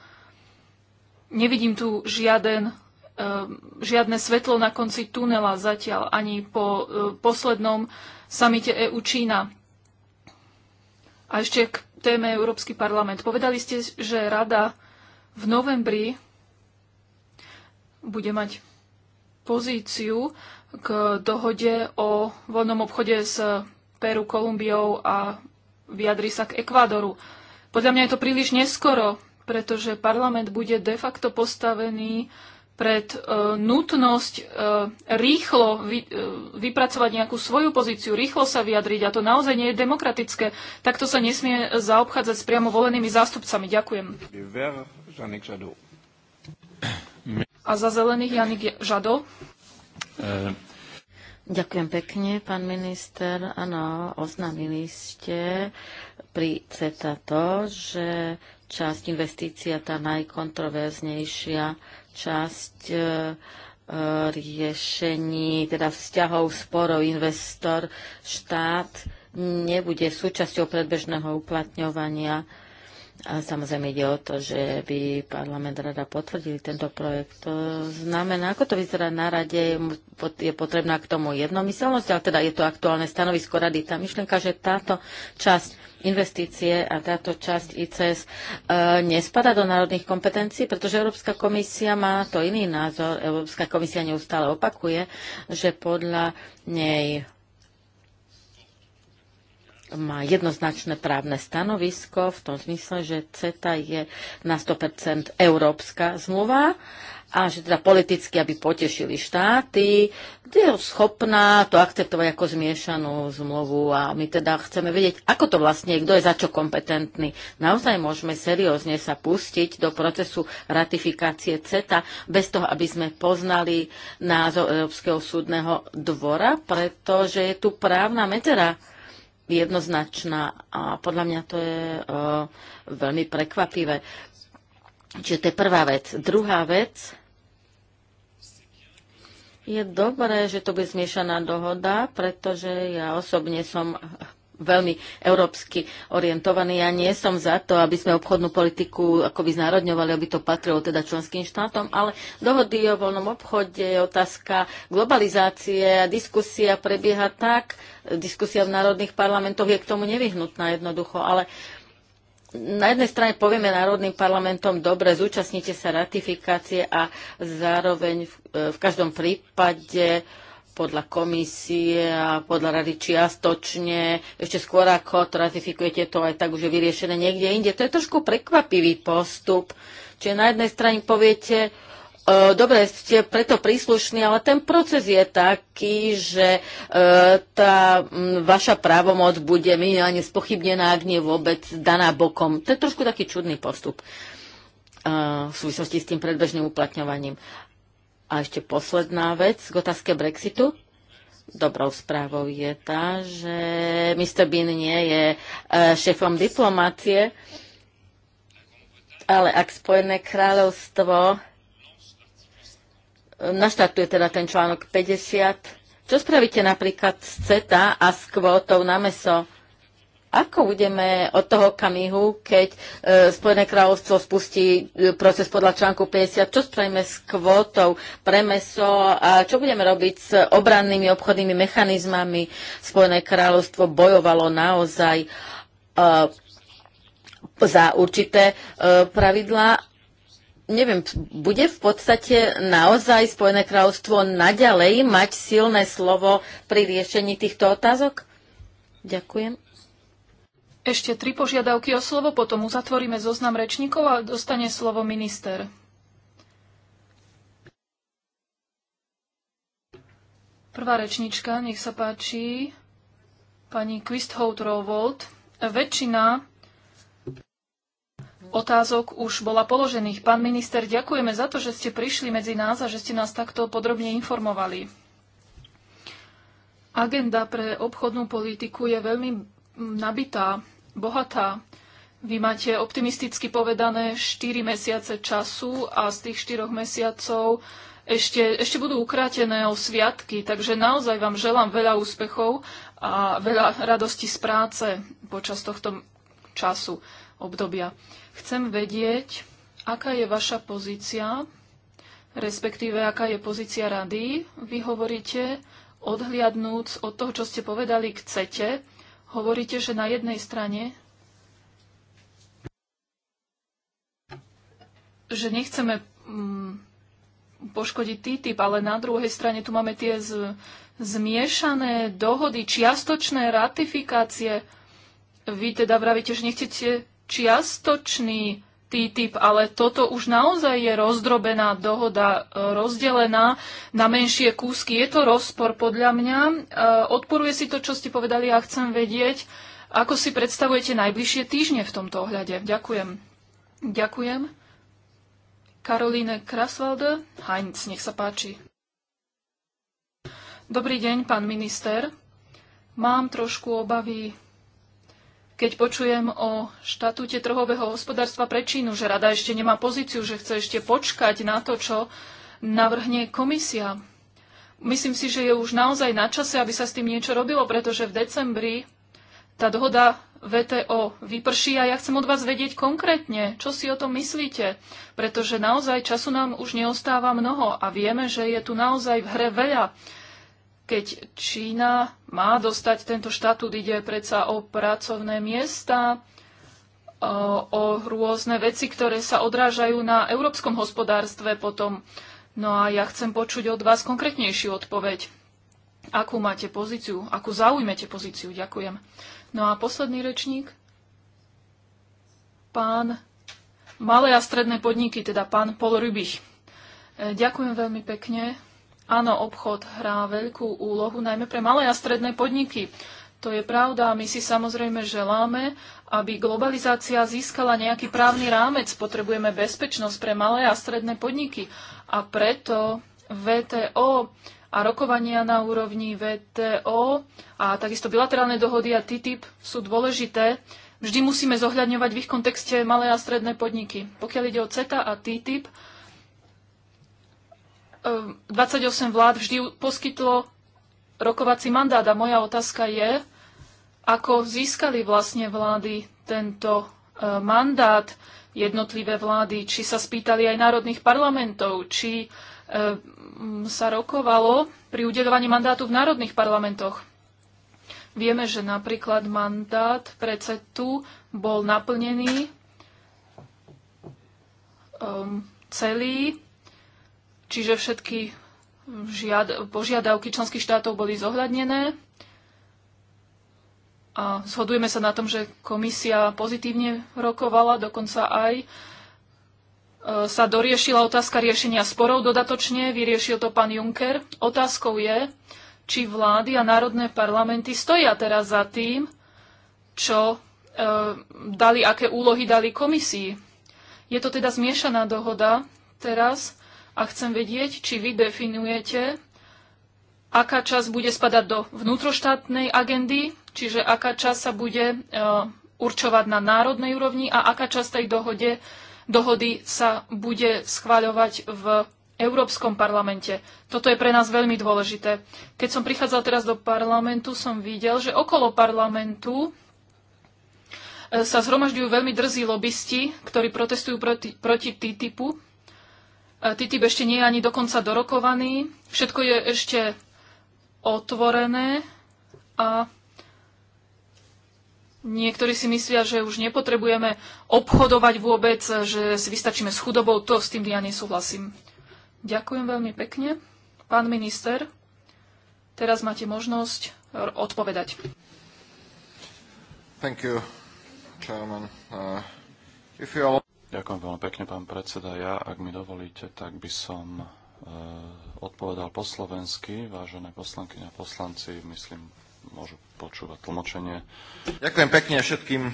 Speaker 3: Nevidím tu žiaden, žiadne svetlo na konci tunela zatiaľ, ani po poslednom samite EU-Čína. A ešte k téme Európsky parlament. Povedali ste, že rada v novembri bude mať pozíciu k dohode o voľnom obchode s Peru, Kolumbiou a vyjadri sa k Ekvádoru. Podľa mňa je to príliš neskoro, pretože parlament bude de facto postavený pred uh, nutnosť uh, rýchlo vy, uh, vypracovať nejakú svoju pozíciu, rýchlo sa vyjadriť a to naozaj nie je demokratické. Takto sa nesmie zaobchádzať s priamo volenými zástupcami. Ďakujem.
Speaker 2: A za zelených Janik Žado. Ďakujem pekne, pán minister. Áno, oznámili ste pri CETA to, že časť investícia, tá najkontroverznejšia, časť e, e, riešení, teda vzťahov, sporov investor, štát nebude súčasťou predbežného uplatňovania a samozrejme ide o to, že by parlament rada potvrdili tento projekt. To znamená, ako to vyzerá na rade, je potrebná k tomu jednomyselnosť, ale teda je to aktuálne stanovisko rady. Tá myšlienka, že táto časť investície a táto časť ICS e, e nespada do národných kompetencií, pretože Európska komisia má to iný názor. Európska komisia neustále opakuje, že podľa nej má jednoznačné právne stanovisko v tom zmysle, že CETA je na 100% európska zmluva a že teda politicky, aby potešili štáty, je schopná to akceptovať ako zmiešanú zmluvu a my teda chceme vedieť, ako to vlastne je, kto je za čo kompetentný. Naozaj môžeme seriózne sa pustiť do procesu ratifikácie CETA bez toho, aby sme poznali názor Európskeho súdneho dvora, pretože je tu právna medzera jednoznačná a podľa mňa to je eh, veľmi prekvapivé. Čiže to je prvá vec. Druhá vec je dobré, že to bude zmiešaná dohoda, pretože ja osobne som veľmi európsky orientovaný. Ja nie som za to, aby sme obchodnú politiku akoby znárodňovali, aby to patrilo teda členským štátom, ale dohody o voľnom obchode, otázka globalizácie a diskusia prebieha tak, diskusia v národných parlamentoch je k tomu nevyhnutná jednoducho, ale na jednej strane povieme národným parlamentom, dobre, zúčastnite sa ratifikácie a zároveň v, e, v každom prípade podľa komisie a podľa rady čiastočne, ešte skôr ako to ratifikujete, to aj tak už je vyriešené niekde inde. To je trošku prekvapivý postup. Čiže na jednej strane poviete, e, dobre, ste preto príslušní, ale ten proces je taký, že e, tá vaša právomoc bude minimálne spochybnená, ak nie vôbec daná bokom. To je trošku taký čudný postup e, v súvislosti s tým predbežným uplatňovaním. A ešte posledná vec k otázke Brexitu. Dobrou správou je tá, že Mr. Bean nie je e, šéfom diplomácie, ale ak Spojené kráľovstvo naštartuje teda ten článok 50, čo spravíte napríklad s CETA a s kvótou na meso? ako budeme od toho kamihu, keď e, Spojené kráľovstvo spustí e, proces podľa článku 50, čo spravíme s kvótou pre meso a čo budeme robiť s obrannými obchodnými mechanizmami? Spojené kráľovstvo bojovalo naozaj e, za určité e, pravidlá neviem, bude v podstate naozaj Spojené kráľovstvo naďalej mať silné slovo pri riešení týchto otázok? Ďakujem ešte tri požiadavky o
Speaker 3: slovo, potom uzatvoríme zoznam rečníkov a dostane slovo minister. Prvá rečnička, nech sa páči, pani Quisthout Rowold. Väčšina otázok už bola položených. Pán minister, ďakujeme za to, že ste prišli medzi nás a že ste nás takto podrobne informovali. Agenda pre obchodnú politiku je veľmi nabitá bohatá. Vy máte optimisticky povedané 4 mesiace času a z tých 4 mesiacov ešte, ešte budú ukrátené o sviatky, takže naozaj vám želám veľa úspechov a veľa radosti z práce počas tohto času, obdobia. Chcem vedieť, aká je vaša pozícia, respektíve aká je pozícia rady. Vy hovoríte, odhliadnúc od toho, čo ste povedali, chcete, Hovoríte, že na jednej strane že nechceme mm, poškodiť TTIP, ale na druhej strane tu máme tie z, zmiešané dohody, čiastočné ratifikácie. Vy teda vravíte, že nechcete čiastočný TTIP, ale toto už naozaj je rozdrobená dohoda, e, rozdelená na menšie kúsky. Je to rozpor podľa mňa. E, odporuje si to, čo ste povedali a ja chcem vedieť, ako si predstavujete najbližšie týždne v tomto ohľade. Ďakujem. Ďakujem. Karolíne Kraswalde, Heinz, nech sa páči. Dobrý deň, pán minister. Mám trošku obavy keď počujem o štatúte trhového hospodárstva pre Čínu, že rada ešte nemá pozíciu, že chce ešte počkať na to, čo navrhne komisia. Myslím si, že je už naozaj na čase, aby sa s tým niečo robilo, pretože v decembri tá dohoda VTO vyprší a ja chcem od vás vedieť konkrétne, čo si o tom myslíte, pretože naozaj času nám už neostáva mnoho a vieme, že je tu naozaj v hre veľa keď Čína má dostať tento štatút, ide predsa o pracovné miesta, o rôzne veci, ktoré sa odrážajú na európskom hospodárstve potom. No a ja chcem počuť od vás konkrétnejšiu odpoveď. Akú máte pozíciu? Akú zaujmete pozíciu? Ďakujem. No a posledný rečník. Pán malé a stredné podniky, teda pán Paul Rybich. E, ďakujem veľmi pekne Áno, obchod hrá veľkú úlohu, najmä pre malé a stredné podniky. To je pravda. My si samozrejme želáme, aby globalizácia získala nejaký právny rámec. Potrebujeme bezpečnosť pre malé a stredné podniky. A preto VTO a rokovania na úrovni VTO a takisto bilaterálne dohody a TTIP sú dôležité. Vždy musíme zohľadňovať v ich kontexte malé a stredné podniky. Pokiaľ ide o CETA a TTIP, 28 ehm, vlád vždy poskytlo rokovací mandát a moja otázka je, ako získali vlastne vlády tento ehm, mandát, jednotlivé vlády, či sa spýtali aj národných parlamentov, či ehm, sa rokovalo pri udeľovaní mandátu v národných parlamentoch. Vieme, že napríklad mandát predsedu bol naplnený um, celý Čiže všetky žiad- požiadavky členských štátov boli zohľadnené. A zhodujeme sa na tom, že komisia pozitívne rokovala, dokonca aj e, sa doriešila otázka riešenia sporov dodatočne, vyriešil to pán Juncker. Otázkou je, či vlády a národné parlamenty stoja teraz za tým, čo e, dali, aké úlohy dali komisii. Je to teda zmiešaná dohoda teraz a chcem vedieť, či vy definujete, aká časť bude spadať do vnútroštátnej agendy, čiže aká časť sa bude e, určovať na národnej úrovni a aká časť tej dohode, dohody sa bude schváľovať v Európskom parlamente. Toto je pre nás veľmi dôležité. Keď som prichádzal teraz do parlamentu, som videl, že okolo parlamentu e, sa zhromažďujú veľmi drzí lobbysti, ktorí protestujú proti, proti TTIPu. TTIP ešte nie je ani dokonca dorokovaný. Všetko je ešte otvorené a niektorí si myslia, že už nepotrebujeme obchodovať vôbec, že si vystačíme s chudobou. To s tým ja nesúhlasím. Ďakujem veľmi pekne. Pán minister, teraz máte možnosť odpovedať.
Speaker 1: Thank you, Chairman. Uh, if you Ďakujem veľmi pekne, pán predseda. Ja, ak mi dovolíte, tak by som e, odpovedal po slovensky. Vážené poslankyne a poslanci, myslím, môžu počúvať tlmočenie. Ďakujem pekne všetkým e,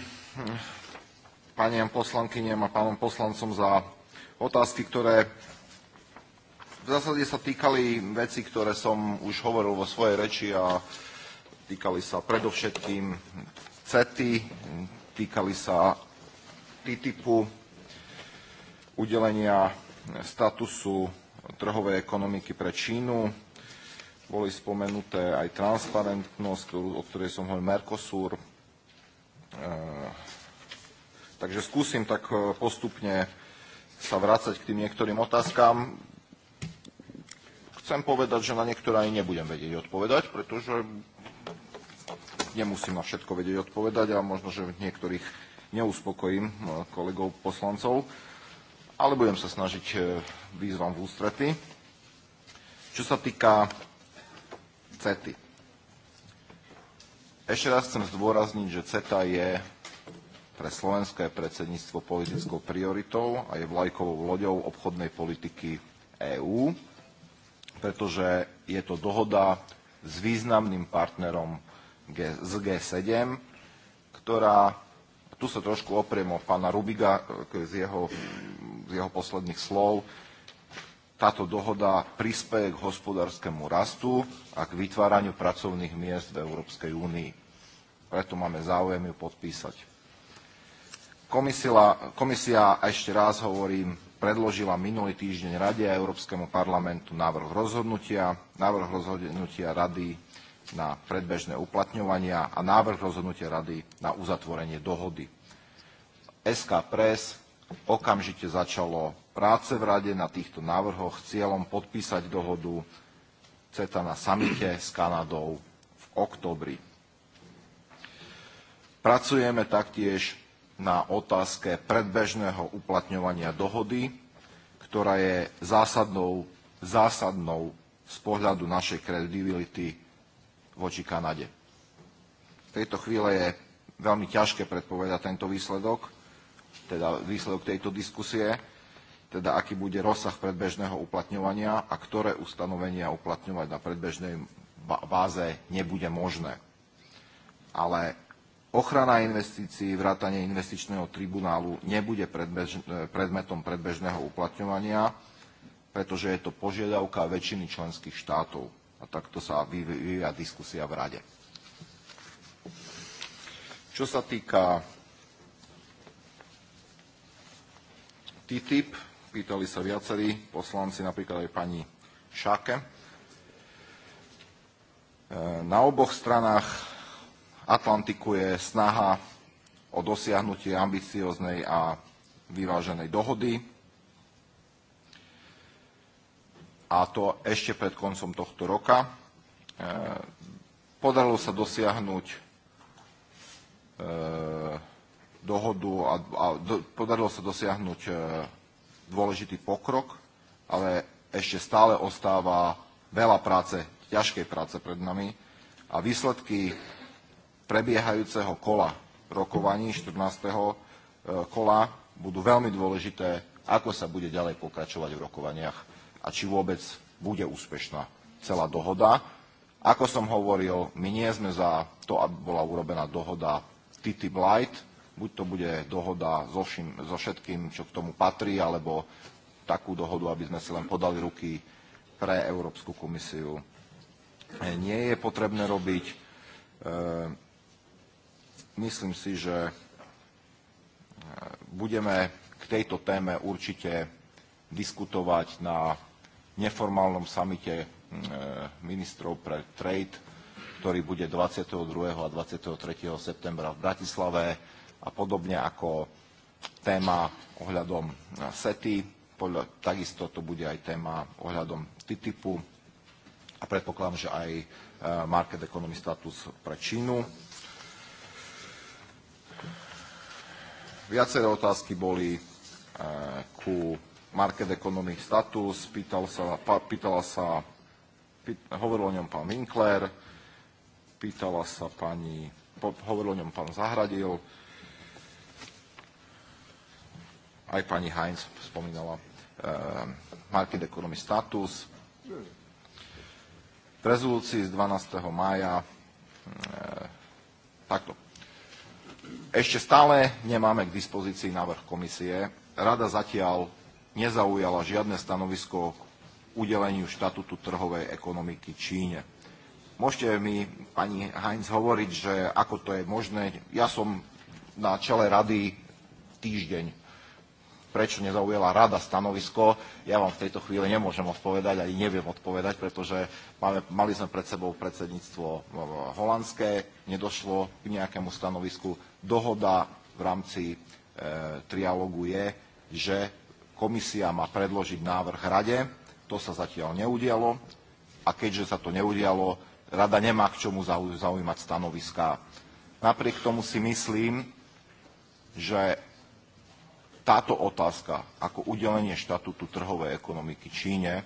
Speaker 4: paniem poslankyniam a pánom poslancom za otázky, ktoré v zásade sa týkali veci, ktoré som už hovoril vo svojej reči a týkali sa predovšetkým CETY, týkali sa TTIPu, udelenia statusu trhovej ekonomiky pre Čínu. Boli spomenuté aj transparentnosť, o ktorej som hovoril Mercosur. E, takže skúsim tak e, postupne sa vrácať k tým niektorým otázkam. Chcem povedať, že na niektoré aj nebudem vedieť odpovedať, pretože nemusím na všetko vedieť odpovedať a možno, že niektorých neuspokojím e, kolegov poslancov ale budem sa snažiť e, výzvam v ústrety. Čo sa týka CETY. Ešte raz chcem zdôrazniť, že CETA je pre slovenské predsedníctvo politickou prioritou a je vlajkovou loďou obchodnej politiky EÚ, pretože je to dohoda s významným partnerom z G7, ktorá, tu sa trošku opriem o pána Rubiga e, z jeho z jeho posledných slov, táto dohoda prispieje k hospodárskému rastu a k vytváraniu pracovných miest v Európskej únii. Preto máme záujem ju podpísať. Komisia, komisia ešte raz hovorím, predložila minulý týždeň Rade a Európskemu parlamentu návrh rozhodnutia, návrh rozhodnutia Rady na predbežné uplatňovania a návrh rozhodnutia Rady na uzatvorenie dohody. SK Press Okamžite začalo práce v rade na týchto návrhoch s cieľom podpísať dohodu CETA na samite s Kanadou v oktobri. Pracujeme taktiež na otázke predbežného uplatňovania dohody, ktorá je zásadnou, zásadnou z pohľadu našej kredibility voči Kanade. V tejto chvíle je veľmi ťažké predpovedať tento výsledok, teda výsledok tejto diskusie, teda aký bude rozsah predbežného uplatňovania a ktoré ustanovenia uplatňovať na predbežnej báze nebude možné. Ale ochrana investícií, vrátanie investičného tribunálu nebude predmetom predbežného uplatňovania, pretože je to požiadavka väčšiny členských štátov. A takto sa vyvíja diskusia v Rade. Čo sa týka TTIP. Pýtali sa viacerí poslanci, napríklad aj pani Šáke. E, na oboch stranách Atlantiku je snaha o dosiahnutie ambicioznej a vyváženej dohody. A to ešte pred koncom tohto roka. E, podarilo sa dosiahnuť e, dohodu a, a do, podarilo sa dosiahnuť e, dôležitý pokrok, ale ešte stále ostáva veľa práce, ťažkej práce pred nami a výsledky prebiehajúceho kola rokovaní 14. E, kola budú veľmi dôležité, ako sa bude ďalej pokračovať v rokovaniach a či vôbec bude úspešná celá dohoda. Ako som hovoril, my nie sme za to, aby bola urobená dohoda TTIP Light, buď to bude dohoda so, všim, so všetkým, čo k tomu patrí, alebo takú dohodu, aby sme si len podali ruky pre Európsku komisiu. E, nie je potrebné robiť. E, myslím si, že e, budeme k tejto téme určite diskutovať na neformálnom samite ministrov pre trade, ktorý bude 22. a 23. septembra v Bratislave a podobne ako téma ohľadom SETI, podľa, takisto to bude aj téma ohľadom TTIPu a predpokladám, že aj e, market economy status pre Čínu. Viaceré otázky boli e, ku market economy status, pýtal sa, pýtala sa, pýt, hovoril o ňom pán Winkler, pýtala sa pani, hovoril o ňom pán Zahradil, aj pani Heinz spomínala eh, market economy status. V rezolúcii z 12. mája eh, takto. Ešte stále nemáme k dispozícii návrh komisie. Rada zatiaľ nezaujala žiadne stanovisko k udeleniu štatutu trhovej ekonomiky Číne. Môžete mi, pani Heinz, hovoriť, že ako to je možné. Ja som na čele rady týždeň prečo nezaujala rada stanovisko, ja vám v tejto chvíli nemôžem odpovedať, ani neviem odpovedať, pretože máme, mali sme pred sebou predsedníctvo eh, holandské, nedošlo k nejakému stanovisku. Dohoda v rámci e, eh, trialógu je, že komisia má predložiť návrh rade, to sa zatiaľ neudialo a keďže sa to neudialo, rada nemá k čomu zaujímať stanoviská. Napriek tomu si myslím, že táto otázka ako udelenie štatútu trhovej ekonomiky Číne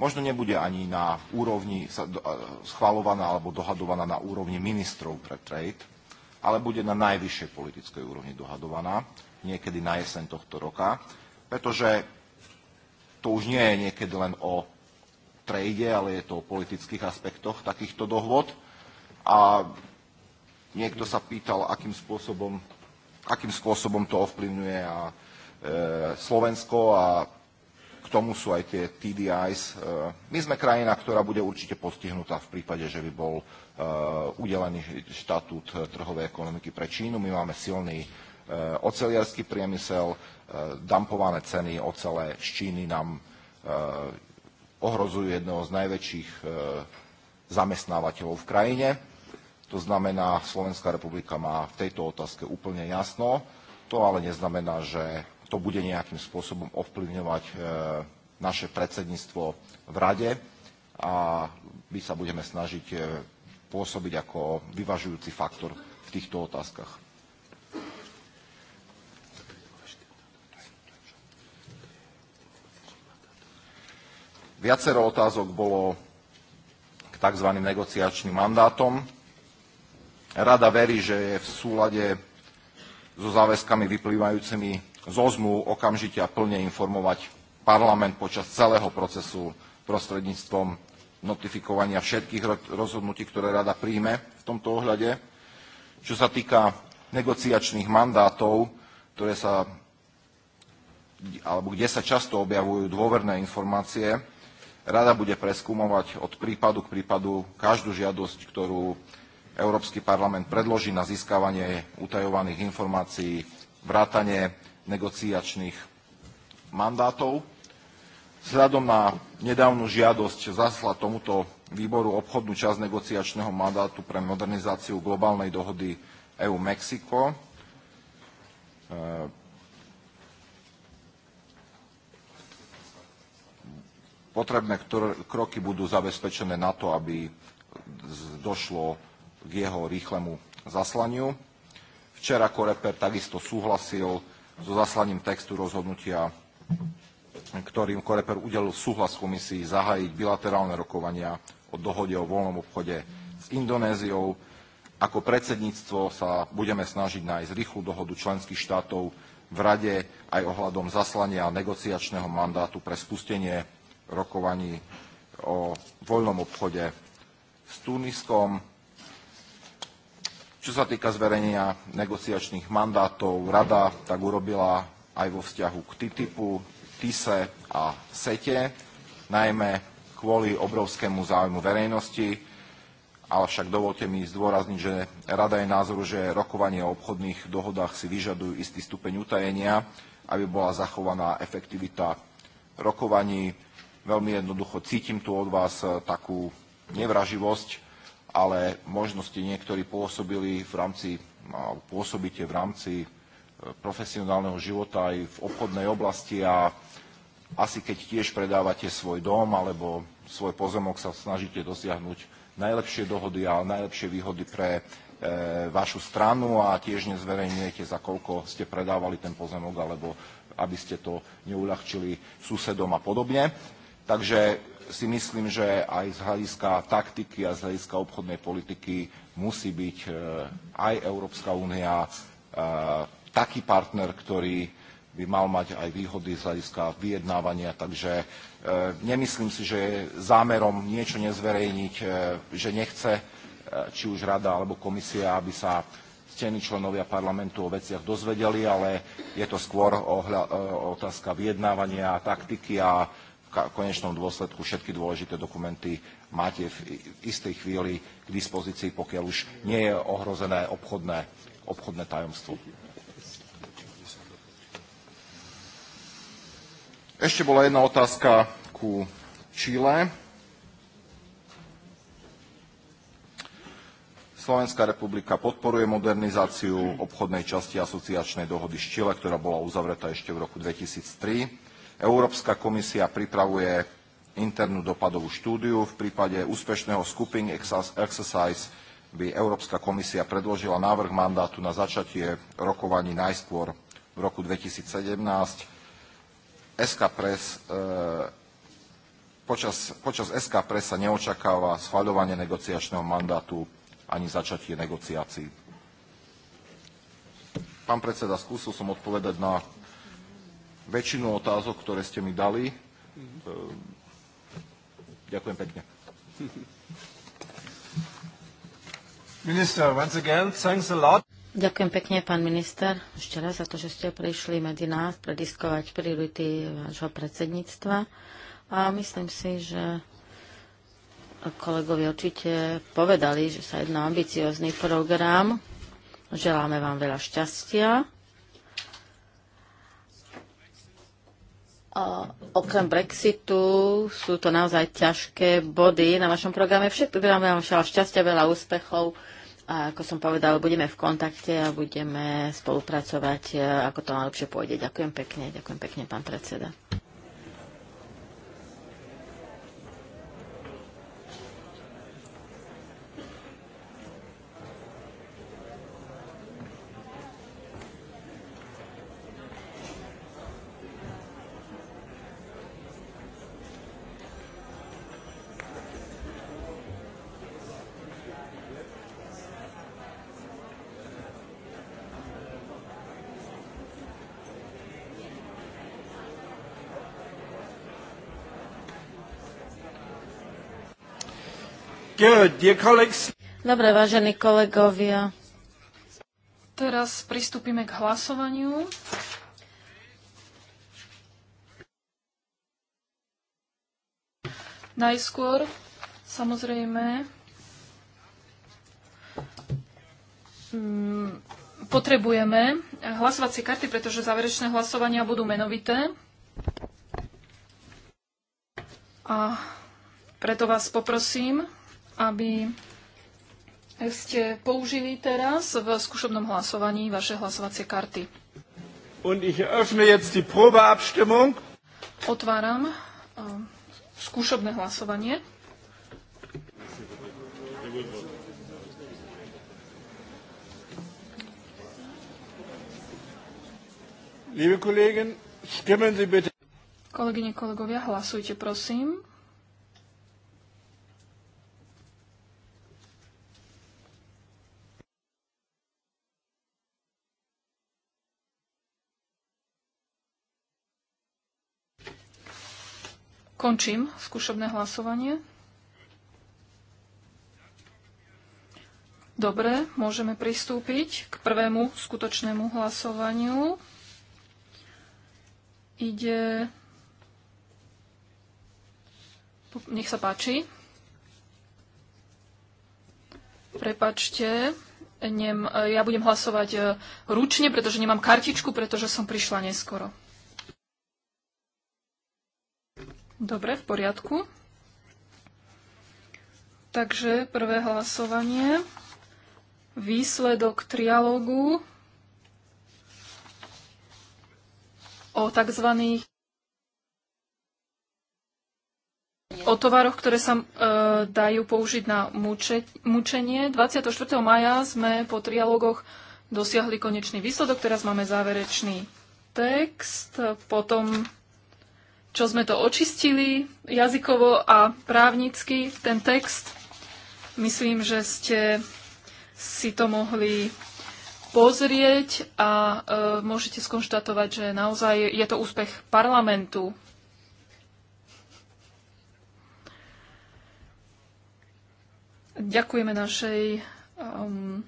Speaker 4: možno nebude ani na úrovni schvalovaná alebo dohadovaná na úrovni ministrov pre trade, ale bude na najvyššej politickej úrovni dohadovaná, niekedy na jeseň tohto roka, pretože to už nie je niekedy len o trade, ale je to o politických aspektoch takýchto dohôd. A niekto sa pýtal, akým spôsobom akým spôsobom to ovplyvňuje a, e, Slovensko a k tomu sú aj tie TDIs. E, my sme krajina, ktorá bude určite postihnutá v prípade, že by bol e, udelený štatút e, trhovej ekonomiky pre Čínu. My máme silný e, oceliarský priemysel, e, ceny ocele z Číny nám e, ohrozujú jedného z najväčších e, zamestnávateľov v krajine to znamená, Slovenská republika má v tejto otázke úplne jasno. To ale neznamená, že to bude nejakým spôsobom ovplyvňovať e, naše predsedníctvo v Rade a my sa budeme snažiť e, pôsobiť ako vyvažujúci faktor v týchto otázkach. Viacero otázok bolo k tzv. negociačným mandátom. Rada verí, že je v súlade so záväzkami vyplývajúcimi zo zmluv okamžite a plne informovať parlament počas celého procesu prostredníctvom notifikovania všetkých rozhodnutí, ktoré rada príjme v tomto ohľade. Čo sa týka negociačných mandátov, ktoré sa, alebo kde sa často objavujú dôverné informácie, rada bude preskúmovať od prípadu k prípadu každú žiadosť, ktorú Európsky parlament predloží na získavanie utajovaných informácií vrátanie negociačných mandátov. Vzhľadom na nedávnu žiadosť zasla tomuto výboru obchodnú časť negociačného mandátu pre modernizáciu globálnej dohody EU-Mexiko. Potrebné kroky budú zabezpečené na to, aby došlo k jeho rýchlemu zaslaniu. Včera Koreper takisto súhlasil so zaslaním textu rozhodnutia, ktorým Koreper udelil súhlas komisii zahájiť bilaterálne rokovania o dohode o voľnom obchode s Indonéziou. Ako predsedníctvo sa budeme snažiť nájsť rýchlu dohodu členských štátov v Rade aj ohľadom zaslania negociačného mandátu pre spustenie rokovaní o voľnom obchode s Tuniskom. Čo sa týka zverejnenia negociačných mandátov, rada tak urobila aj vo vzťahu k TTIPu, TISE a SETE, e, najmä kvôli obrovskému záujmu verejnosti, ale však dovolte mi zdôrazniť, že rada je názoru, že rokovanie o obchodných dohodách si vyžadujú istý stupeň utajenia, aby bola zachovaná efektivita rokovaní. Veľmi jednoducho cítim tu od vás takú nevraživosť, ale možnosti niektorí pôsobili v rámci, pôsobite v rámci e, profesionálneho života aj v obchodnej oblasti a asi keď tiež predávate svoj dom alebo svoj pozemok, sa snažíte dosiahnuť najlepšie dohody a najlepšie výhody pre e, vašu stranu a tiež nezverejňujete, za koľko ste predávali ten pozemok alebo aby ste to neuľahčili susedom a podobne. Takže si myslím, že aj z hľadiska taktiky a z hľadiska obchodnej politiky musí byť e, aj Európska únia e, taký partner, ktorý by mal mať aj výhody z hľadiska vyjednávania, takže e, nemyslím si, že je zámerom niečo nezverejniť, že nechce či už rada alebo komisia, aby sa ctení členovia parlamentu o veciach dozvedeli, ale je to skôr otázka vyjednávania, a taktiky a konečnom dôsledku všetky dôležité dokumenty máte v istej chvíli k dispozícii, pokiaľ už nie je ohrozené obchodné, obchodné tajomstvo. Ešte bola jedna otázka ku Číle. Slovenská republika podporuje modernizáciu obchodnej časti asociačnej dohody s Čile, ktorá bola uzavretá ešte v roku 2003 Európska komisia pripravuje internú dopadovú štúdiu. V prípade úspešného skupiny exercise by Európska komisia predložila návrh mandátu na začatie rokovaní najskôr v roku 2017. SK Press, e, počas, počas SK Press sa neočakáva schvaľovanie negociačného mandátu ani začatie negociácií. Pán predseda, skúsil som odpovedať na väčšinu otázok, ktoré ste mi dali. Ehm, ďakujem pekne. Minister, once again, thanks a lot.
Speaker 2: Ďakujem pekne, pán minister, ešte raz za to, že ste prišli medzi nás prediskovať priority vášho predsedníctva. A myslím si, že kolegovi určite povedali, že sa jedná ambiciózny program. Želáme vám veľa šťastia okrem Brexitu sú to naozaj ťažké body na vašom programe. Všetko vám vám všela šťastia, veľa úspechov. A ako som povedal, budeme v kontakte a budeme spolupracovať, e, ako to najlepšie pôjde. Ďakujem pekne, ďakujem pekne, pán predseda. Dobre, vážení kolegovia.
Speaker 3: Teraz pristúpime k hlasovaniu. Najskôr, samozrejme, mm, potrebujeme hlasovacie karty, pretože záverečné hlasovania budú menovité. A preto vás poprosím, aby ste použili teraz v skúšobnom hlasovaní vaše hlasovacie karty.
Speaker 4: Und ich öffne jetzt die Probeabstimmung.
Speaker 3: Otváram uh, skúšobné hlasovanie.
Speaker 1: Liebe Kollegen, stimmen Sie bitte.
Speaker 3: Kolegyne, kolegovia, hlasujte prosím. Končím skúšobné hlasovanie. Dobre, môžeme pristúpiť k prvému skutočnému hlasovaniu. Ide... Nech sa páči. Prepačte, ja budem hlasovať e, ručne, pretože nemám kartičku, pretože som prišla neskoro. Dobre, v poriadku. Takže prvé hlasovanie. Výsledok trialógu o tzv. o tovaroch, ktoré sa e, dajú použiť na muče, mučenie. 24. maja sme po trialógoch dosiahli konečný výsledok, teraz máme záverečný text, potom čo sme to očistili jazykovo a právnicky, ten text. Myslím, že ste si to mohli pozrieť a e, môžete skonštatovať, že naozaj je to úspech parlamentu. Ďakujeme našej um,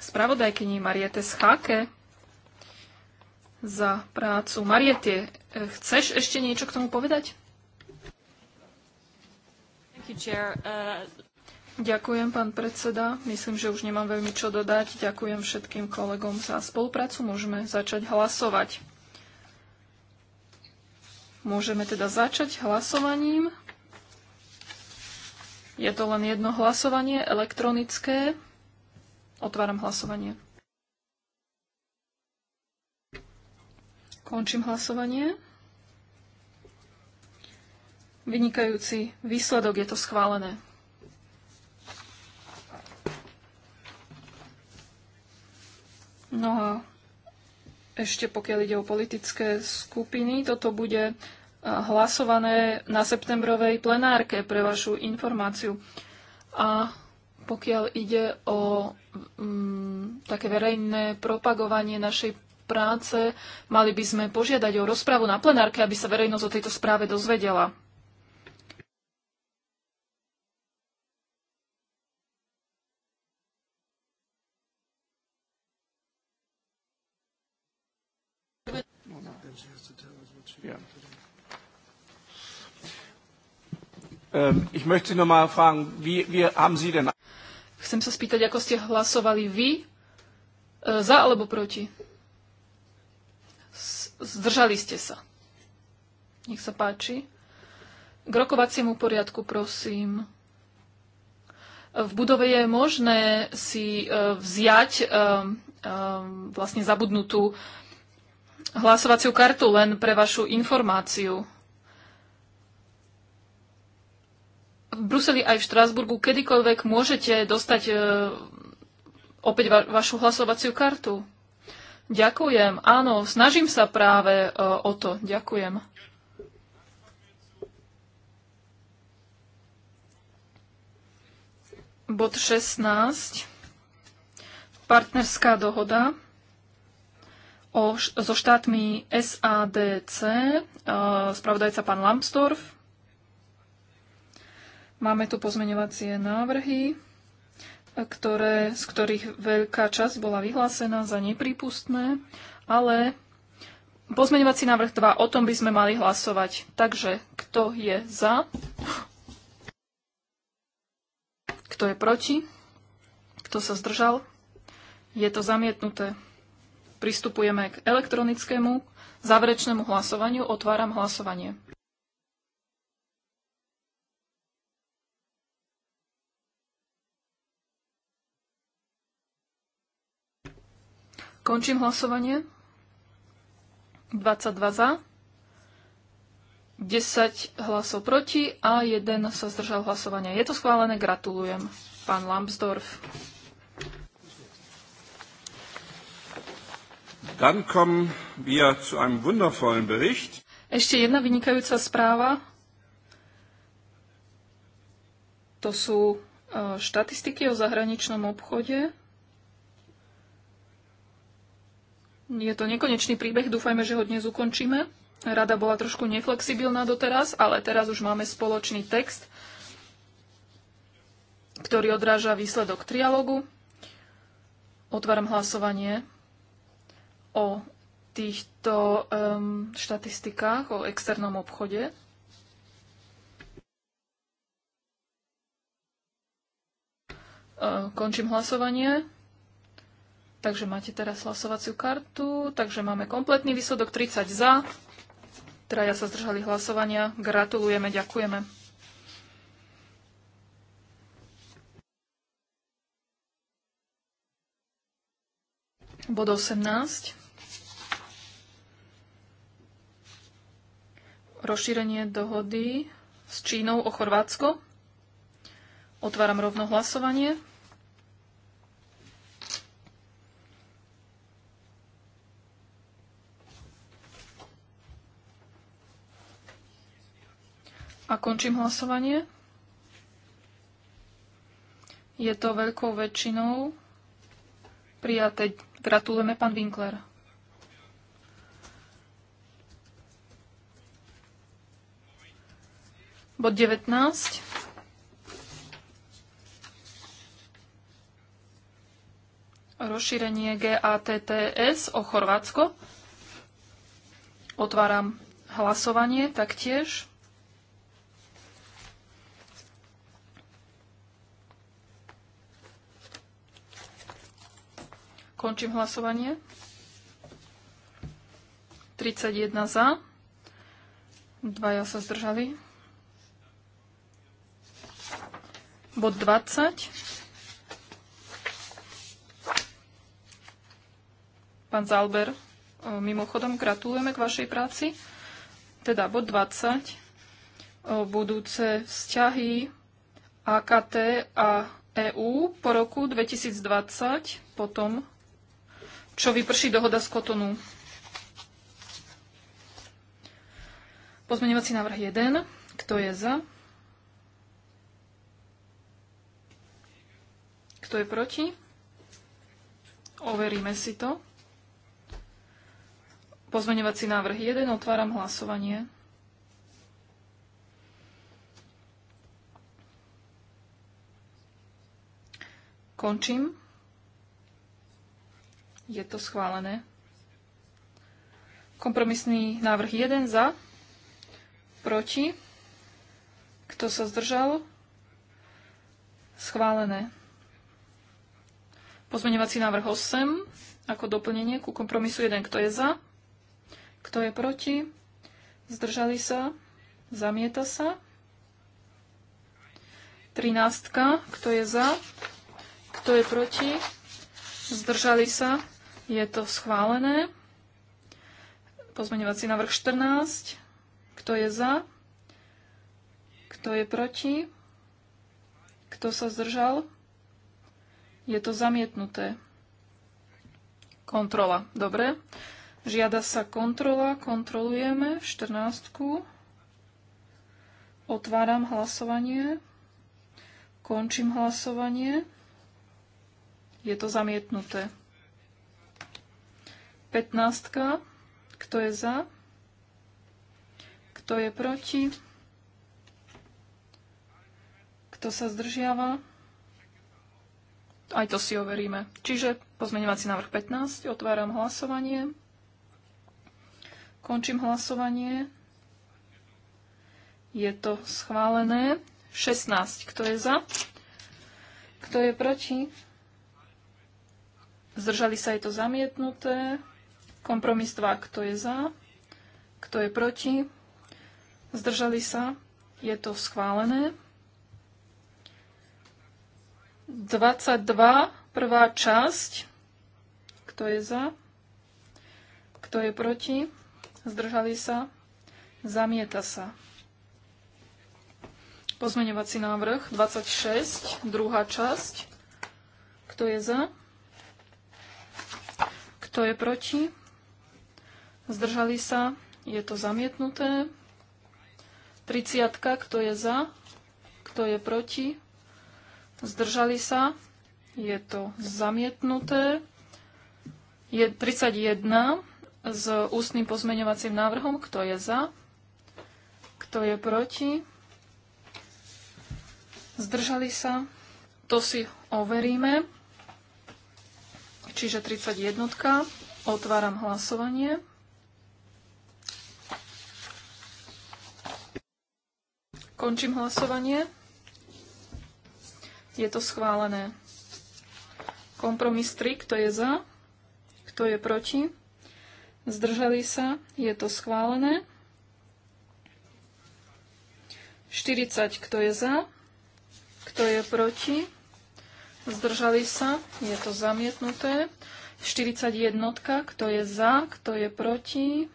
Speaker 3: spravodajkyni Mariete Schake za prácu. Mariete, Chceš ešte niečo k tomu povedať? Uh, Ďakujem, pán predseda. Myslím, že už nemám veľmi čo dodať. Ďakujem všetkým kolegom za spoluprácu. Môžeme začať hlasovať. Môžeme teda začať hlasovaním. Je to len jedno hlasovanie elektronické. Otváram hlasovanie. Končím hlasovanie. Vynikajúci výsledok, je to schválené. No a ešte pokiaľ ide o politické skupiny, toto bude hlasované na septembrovej plenárke pre vašu informáciu. A pokiaľ ide o um, také verejné propagovanie našej práce, mali by sme požiadať o rozprávu na plenárke, aby sa verejnosť o tejto správe dozvedela.
Speaker 1: Ja.
Speaker 4: Ähm, ich möchte nur mal fragen, wie, wie haben Sie denn...
Speaker 3: Chcem sa spýtať, ako ste hlasovali vy, e, za alebo proti? zdržali ste sa. Nech sa páči. K rokovaciemu poriadku, prosím. V budove je možné si e, vziať e, vlastne zabudnutú hlasovaciu kartu len pre vašu informáciu. V Bruseli aj v Štrásburgu kedykoľvek môžete dostať e, opäť va- vašu hlasovaciu kartu. Ďakujem. Áno, snažím sa práve e, o to. Ďakujem. Bod 16. Partnerská dohoda o, so štátmi SADC, e, spravodajca pán Lambsdorff. Máme tu pozmeňovacie návrhy, e, ktoré, z ktorých veľká časť bola vyhlásená za neprípustné, ale pozmeňovací návrh 2, o tom by sme mali hlasovať. Takže kto je za? Kto je proti? Kto sa zdržal? Je to zamietnuté. Pristupujeme k elektronickému záverečnému hlasovaniu. Otváram hlasovanie. Končím hlasovanie. 22 za, 10 hlasov proti a 1 sa zdržal hlasovania. Je to schválené, gratulujem, pán Lambsdorff.
Speaker 4: Dann kommen wir zu einem wundervollen Bericht.
Speaker 3: Ešte jedna vynikajúca správa. To sú e, štatistiky o zahraničnom obchode. Je to nekonečný príbeh, dúfajme, že ho dnes ukončíme. Rada bola trošku neflexibilná doteraz, ale teraz už máme spoločný text, ktorý odráža výsledok trialogu. Otváram hlasovanie o týchto um, štatistikách o externom obchode. E, končím hlasovanie. Takže máte teraz hlasovaciu kartu. Takže máme kompletný výsledok 30 za. Traja sa zdržali hlasovania. Gratulujeme, ďakujeme. Bod 18. Rozšírenie dohody s Čínou o Chorvátsko. Otváram rovno hlasovanie. A končím hlasovanie. Je to veľkou väčšinou prijaté Gratulujeme, pán Winkler. Bod 19. Rozšírenie GATTS o Chorvátsko. Otváram hlasovanie taktiež. Končím hlasovanie. 31 za. Dvaja sa zdržali. Bod 20. Pán Zalber, e, mimochodom gratulujeme k vašej práci. Teda bod 20 e, budúce vzťahy AKT a EÚ po roku 2020, potom čo vyprší dohoda z Kotonu. Pozmeňovací návrh 1. Kto je za? Kto je proti? Overíme si to. Pozmeňovací návrh 1. Otváram hlasovanie. Končím. Je to schválené. Kompromisný návrh 1 za, proti, kto sa zdržal, schválené. Pozmeňovací návrh 8 ako doplnenie ku kompromisu 1, kto je za, kto je proti, zdržali sa, zamieta sa. 13, kto je za, kto je proti, zdržali sa, je to schválené. Pozmeňovací návrh 14. Kto je za? Kto je proti? Kto sa zdržal? Je to zamietnuté. Kontrola. Dobre. Žiada sa kontrola. Kontrolujeme 14. Otváram hlasovanie. Končím hlasovanie. Je to zamietnuté. 15. Kto je za? Kto je proti? Kto sa zdržiava? Aj to si overíme. Čiže pozmeňovací návrh 15. Otváram hlasovanie. Končím hlasovanie. Je to schválené. 16. Kto je za? Kto je proti? Zdržali sa, je to zamietnuté. Kompromis 2. Kto je za? Kto je proti? Zdržali sa? Je to schválené. 22. Prvá časť. Kto je za? Kto je proti? Zdržali sa? Zamieta sa. Pozmeňovací návrh 26, druhá časť. Kto je za? Kto je proti? Zdržali sa. Je to zamietnuté. 30. Kto je za? Kto je proti? Zdržali sa. Je to zamietnuté. Je 31 s ústnym pozmeňovacím návrhom. Kto je za? Kto je proti? Zdržali sa? To si overíme. Čiže 31. Otváram hlasovanie. Končím hlasovanie. Je to schválené. Kompromis 3, kto je za, kto je proti. Zdržali sa, je to schválené. 40, kto je za, kto je proti. Zdržali sa, je to zamietnuté. 41, kto je za, kto je proti.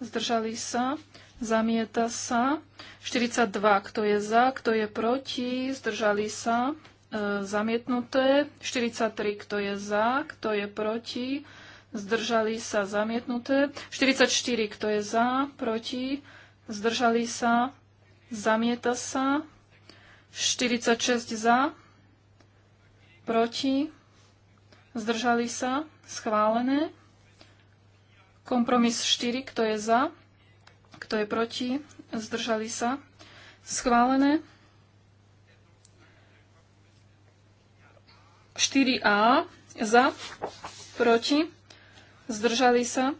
Speaker 3: Zdržali sa, Zamieta sa. 42. Kto je za? Kto je proti? Zdržali sa. E, zamietnuté. 43. Kto je za? Kto je proti? Zdržali sa. Zamietnuté. 44. Kto je za? Proti? Zdržali sa. Zamieta sa. 46 za. Proti? Zdržali sa. Schválené. Kompromis 4. Kto je za? Kto je proti? Zdržali sa? Schválené. 4A za, proti, zdržali sa,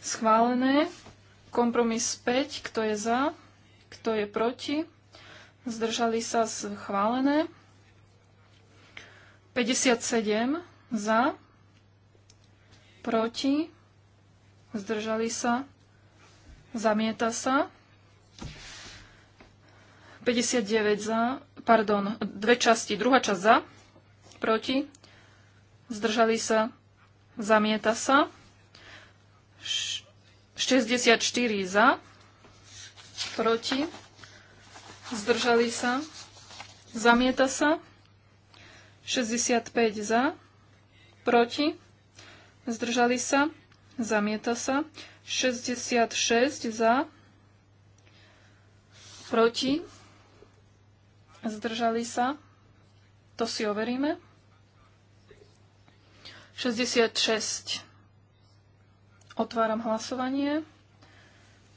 Speaker 3: schválené, kompromis 5, kto je za, kto je proti, zdržali sa, schválené, 57 za, proti, zdržali sa, Zamieta sa. 59 za, pardon, dve časti. Druhá časť za, proti, zdržali sa, zamieta sa. 64 za, proti, zdržali sa, zamieta sa. 65 za, proti, zdržali sa, zamieta sa. 66 za, proti, zdržali sa, to si overíme. 66. Otváram hlasovanie.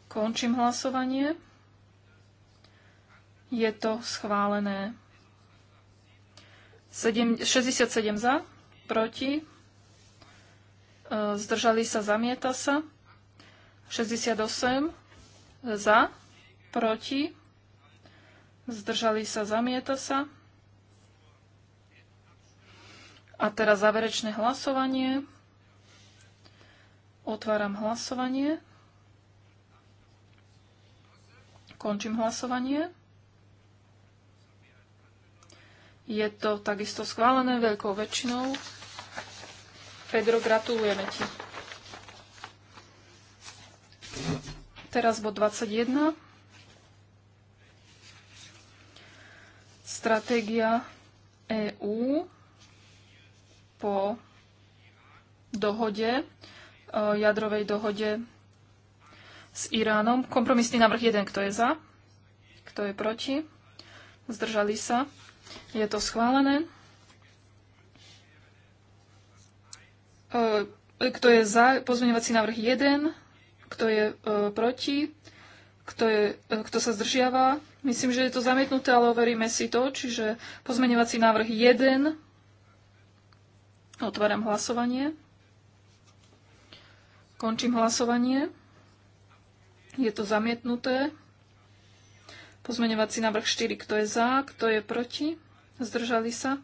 Speaker 3: Končím hlasovanie. Je to schválené. 7, 67 za, proti, e, zdržali sa, zamieta sa. 68 za, proti, zdržali sa, zamieta sa. A teraz záverečné hlasovanie. Otváram hlasovanie. Končím hlasovanie. Je to takisto schválené veľkou väčšinou. Pedro, gratulujeme ti. Teraz bod 21. Stratégia EÚ po dohode, eh, jadrovej dohode s Iránom. Kompromisný návrh 1, kto je za, kto je proti, zdržali sa. Je to schválené. Eh, kto je za pozmeňovací návrh 1, kto je e, proti, kto, je, e, kto sa zdržiava. Myslím, že je to zamietnuté, ale overíme si to. Čiže pozmeňovací návrh 1. Otváram hlasovanie. Končím hlasovanie. Je to zamietnuté. Pozmeňovací návrh 4. Kto je za? Kto je proti? Zdržali sa?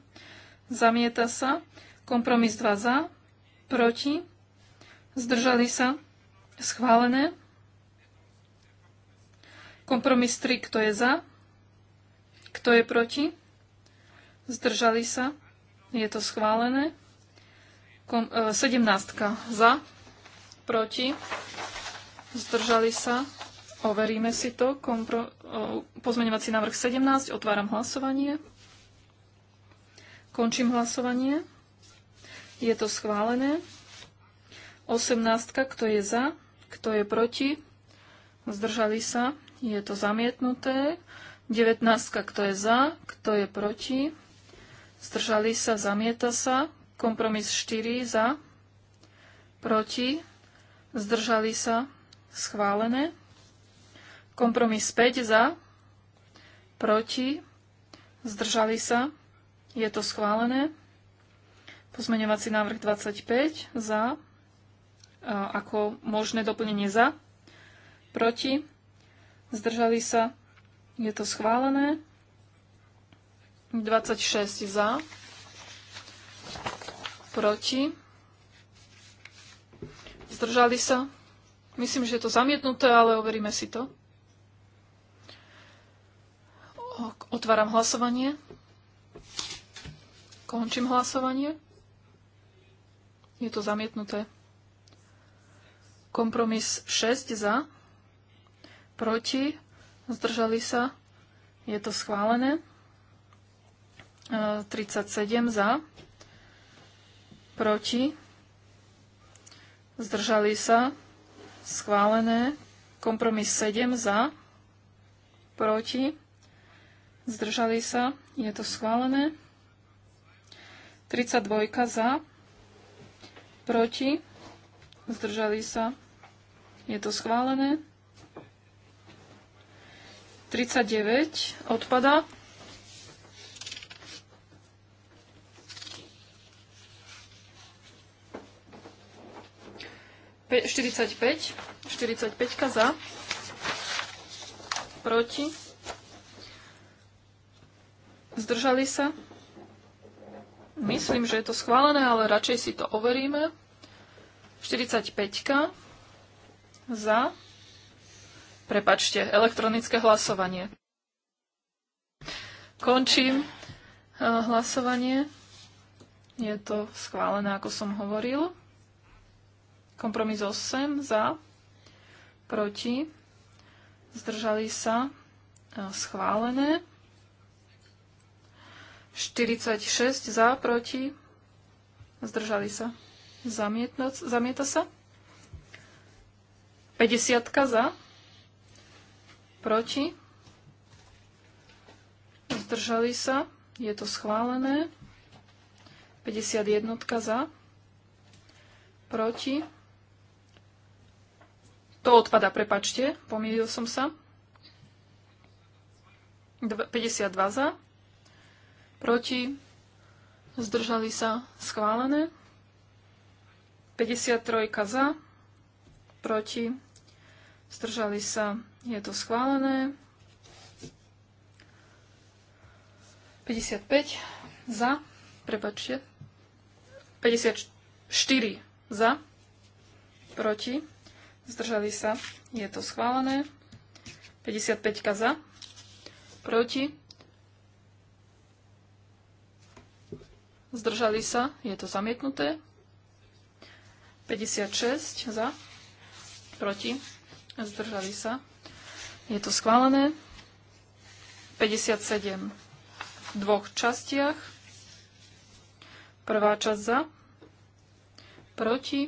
Speaker 3: Zamieta sa. Kompromis 2 za. Proti? Zdržali sa? Schválené. Kompromis 3, kto je za? Kto je proti? Zdržali sa? Je to schválené. Kom, e, 17 za, proti, zdržali sa. Overíme si to. Kompro, e, pozmeňovací návrh 17. Otváram hlasovanie. Končím hlasovanie. Je to schválené. 18. Kto je za? Kto je proti? Zdržali sa. Je to zamietnuté. 19. Kto je za? Kto je proti? Zdržali sa. Zamieta sa. Kompromis 4 za. Proti. Zdržali sa. Schválené. Kompromis 5 za. Proti. Zdržali sa. Je to schválené. Pozmeňovací návrh 25 za ako možné doplnenie za, proti, zdržali sa, je to schválené. 26 za, proti, zdržali sa. Myslím, že je to zamietnuté, ale overíme si to. Otváram hlasovanie. Končím hlasovanie. Je to zamietnuté. Kompromis 6 za, proti, zdržali sa, je to schválené. 37 e, za, proti, zdržali sa, schválené. Kompromis 7 za, proti, zdržali sa, je to schválené. 32 za, proti, zdržali sa, je to schválené. 39 odpada. Pe 45, 45 za, proti, zdržali sa. Myslím, že je to schválené, ale radšej si to overíme. 45 za. Prepačte, elektronické hlasovanie. Končím e, hlasovanie. Je to schválené, ako som hovoril. Kompromis 8 za, proti, zdržali sa, e, schválené. 46 za, proti, zdržali sa. Zamietnoc, zamieta sa. 50 za. Proti. Zdržali sa. Je to schválené. 51 za. Proti. To odpada, prepačte, pomýlil som sa. 52 za. Proti. Zdržali sa. Schválené. 53 za, proti, zdržali sa, je to schválené. 55 za, prepačte, 54 za, proti, zdržali sa, je to schválené. 55 za, proti, zdržali sa, je to zamietnuté. 56 za, proti, zdržali sa. Je to schválené. 57 v dvoch častiach. Prvá časť za, proti,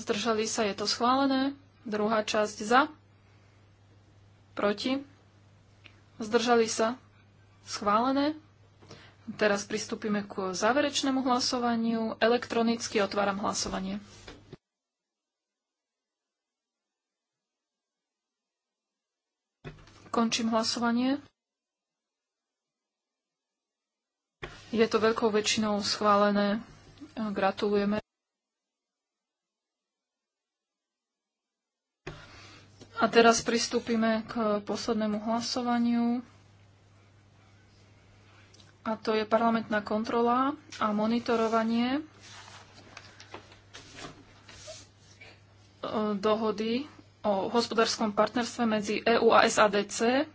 Speaker 3: zdržali sa, je to schválené. Druhá časť za, proti, zdržali sa, schválené. Teraz pristúpime k záverečnému hlasovaniu. Elektronicky otváram hlasovanie. Končím hlasovanie. Je to veľkou väčšinou schválené. Gratulujeme. A teraz pristúpime k poslednému hlasovaniu a to je parlamentná kontrola a monitorovanie e, dohody o hospodárskom partnerstve medzi EÚ a SADC.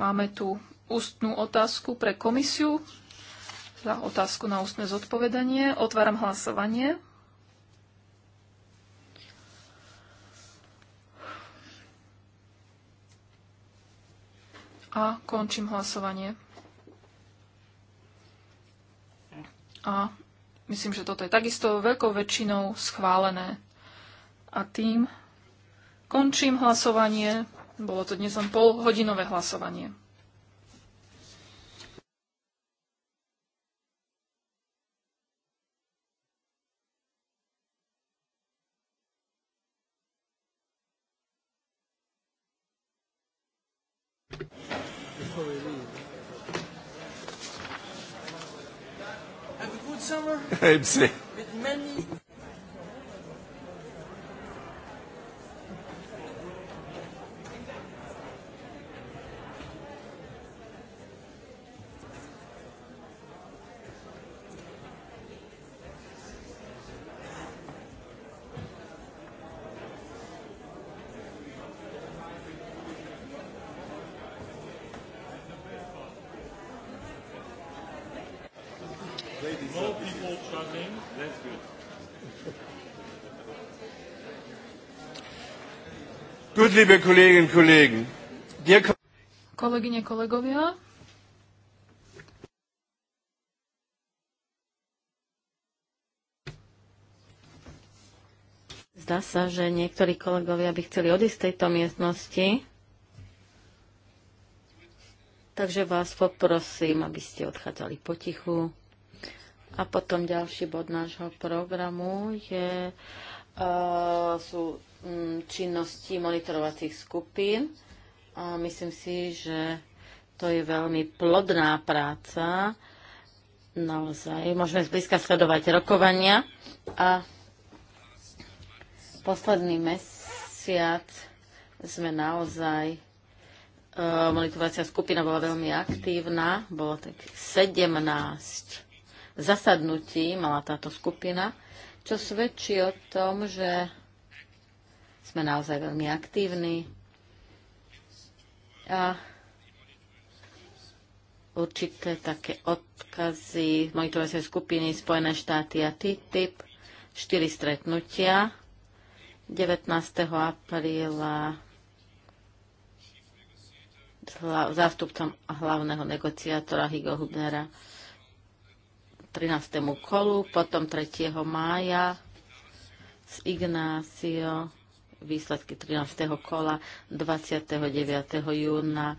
Speaker 3: Máme tu ústnú otázku pre komisiu za otázku na ústne zodpovedanie. Otváram hlasovanie. A končím hlasovanie. A myslím, že toto je takisto veľkou väčšinou schválené. A tým končím hlasovanie. Bolo to dnes len polhodinové hlasovanie.
Speaker 1: Hepsi. liebe Kolleginnen und Kollegen,
Speaker 3: Kolleginnen und Kollegen.
Speaker 2: Zdá sa, že niektorí kolegovia by chceli odísť z tejto miestnosti. Takže vás poprosím, aby ste odchádzali potichu. A potom ďalší bod nášho programu je, uh, sú Mm, činnosti monitorovacích skupín. A myslím si, že to je veľmi plodná práca. Naozaj môžeme zblízka sledovať rokovania. A posledný mesiac sme naozaj e, monitorovacia skupina bola veľmi aktívna, bolo tak 17 zasadnutí mala táto skupina, čo svedčí o tom, že sme naozaj veľmi aktívni a určité také odkazy z monitorovacej skupiny Spojené štáty a TTIP, 4 stretnutia 19. apríla zástupcom hlavného negociátora Higo Hubnera 13. kolu, potom 3. mája s Ignácio výsledky 13. kola 29. júna e,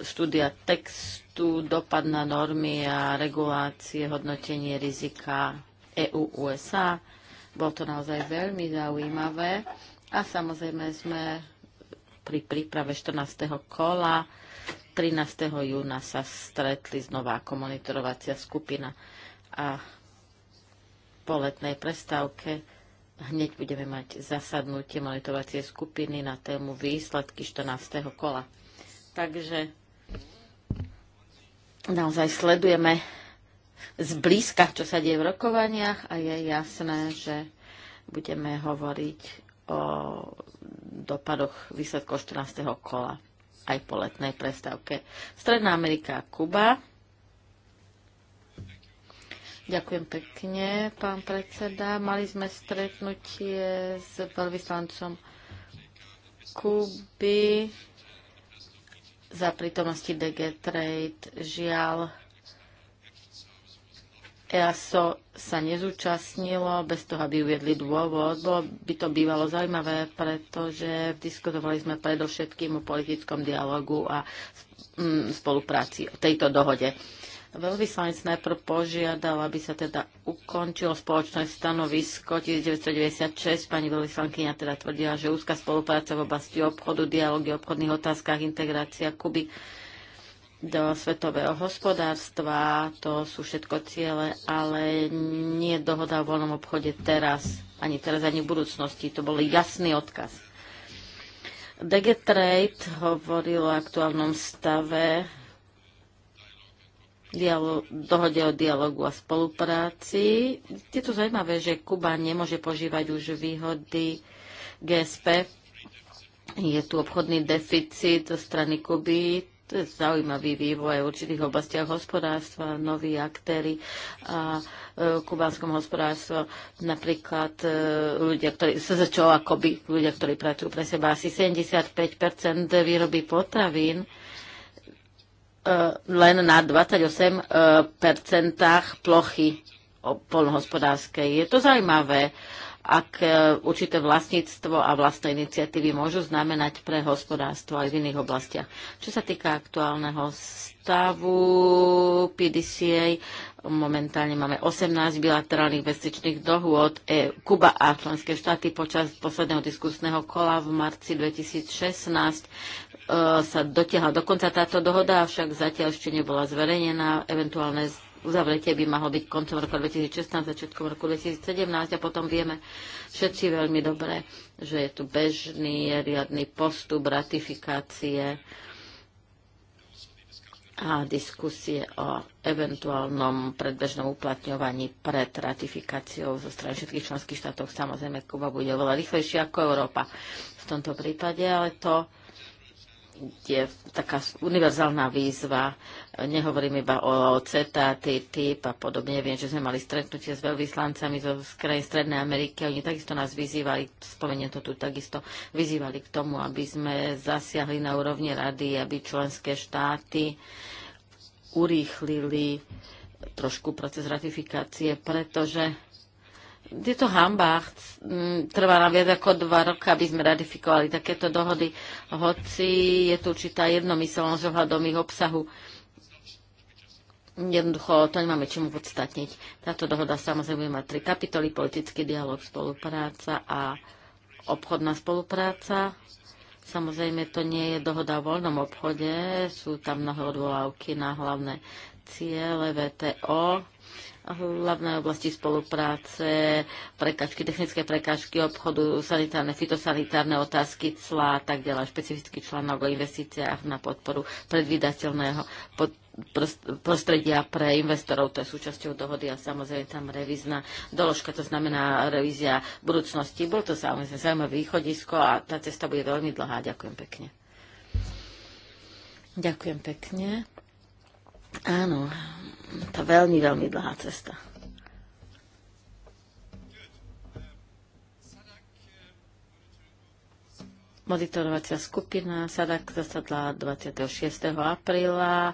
Speaker 2: štúdia textu, dopad na normy a regulácie, hodnotenie rizika EU-USA. Bolo to naozaj veľmi zaujímavé a samozrejme sme pri príprave 14. kola 13. júna sa stretli znova ako monitorovacia skupina a po letnej prestávke Hneď budeme mať zasadnutie monitorovacie skupiny na tému výsledky 14. kola. Takže naozaj sledujeme zblízka, čo sa deje v rokovaniach a je jasné, že budeme hovoriť o dopadoch výsledkov 14. kola aj po letnej prestávke. Stredná Amerika a Kuba. Ďakujem pekne, pán predseda. Mali sme stretnutie s veľvyslancom Kuby za prítomnosti DG Trade. Žiaľ, EASO sa nezúčastnilo bez toho, aby uviedli dôvod. Bolo by to bývalo zaujímavé, pretože diskutovali sme predovšetkým o politickom dialogu a mm, spolupráci, o tejto dohode. Veľvyslanec najprv požiadal, aby sa teda ukončilo spoločné stanovisko 1996. Pani veľvyslankyňa teda tvrdila, že úzka spolupráca v oblasti obchodu, dialógy, obchodných otázkach, integrácia Kuby do svetového hospodárstva, to sú všetko ciele, ale nie dohoda o voľnom obchode teraz, ani teraz, ani v budúcnosti. To bol jasný odkaz. DG Trade hovoril o aktuálnom stave dohode o dialogu a spolupráci. Je to zaujímavé, že Kuba nemôže požívať už výhody GSP. Je tu obchodný deficit zo strany Kuby. To je zaujímavý vývoj v určitých oblastiach hospodárstva, noví aktéry a e, kubánskom hospodárstve. Napríklad e, ľudia, ktorí sa začalo akoby ľudia, ktorí pracujú pre seba. Asi 75 výroby potravín E, len na 28 e, plochy polnohospodárskej. Je to zaujímavé, ak e, určité vlastníctvo a vlastné iniciatívy môžu znamenať pre hospodárstvo aj v iných oblastiach. Čo sa týka aktuálneho stavu PDCA, momentálne máme 18 bilaterálnych investičných dohôd e, Kuba a členské štáty počas posledného diskusného kola v marci 2016 E, sa dotiahla dokonca táto dohoda, avšak zatiaľ ešte nebola zverejnená. Eventuálne uzavretie by mohlo byť koncom roku 2016, začiatkom roku 2017 a potom vieme všetci veľmi dobre, že je tu bežný riadny postup ratifikácie a diskusie o eventuálnom predbežnom uplatňovaní pred ratifikáciou zo strany všetkých členských štátov. Samozrejme, Kuba bude oveľa rýchlejšia ako Európa v tomto prípade, ale to je taká univerzálna výzva. Nehovorím iba o CETA, TTIP a podobne. Viem, že sme mali stretnutie s veľvyslancami zo krajín Strednej Ameriky. Oni takisto nás vyzývali, spomeniem to tu takisto, vyzývali k tomu, aby sme zasiahli na úrovni rady, aby členské štáty urýchlili trošku proces ratifikácie, pretože je to hamba. Trvá nám viac ako dva roka, aby sme ratifikovali takéto dohody, hoci je tu určitá jednomyselnosť ohľadom ich obsahu. Jednoducho, to nemáme čomu podstatniť. Táto dohoda samozrejme má tri kapitoly, politický dialog, spolupráca a obchodná spolupráca. Samozrejme, to nie je dohoda o voľnom obchode, sú tam mnohé odvolávky na hlavné ciele VTO hlavné oblasti spolupráce, prekažky, technické prekážky obchodu, sanitárne, fitosanitárne otázky, clá a tak ďalej, špecifický článok o investíciách na podporu predvydateľného pod prostredia pre investorov, to je súčasťou dohody a samozrejme tam revízna doložka, to znamená revízia budúcnosti. Bol to samozrejme zaujímavé východisko a tá cesta bude veľmi dlhá. Ďakujem pekne. Ďakujem pekne. Áno, tá veľmi, veľmi dlhá cesta. Monitorovacia skupina SADAK zasadla 26. apríla,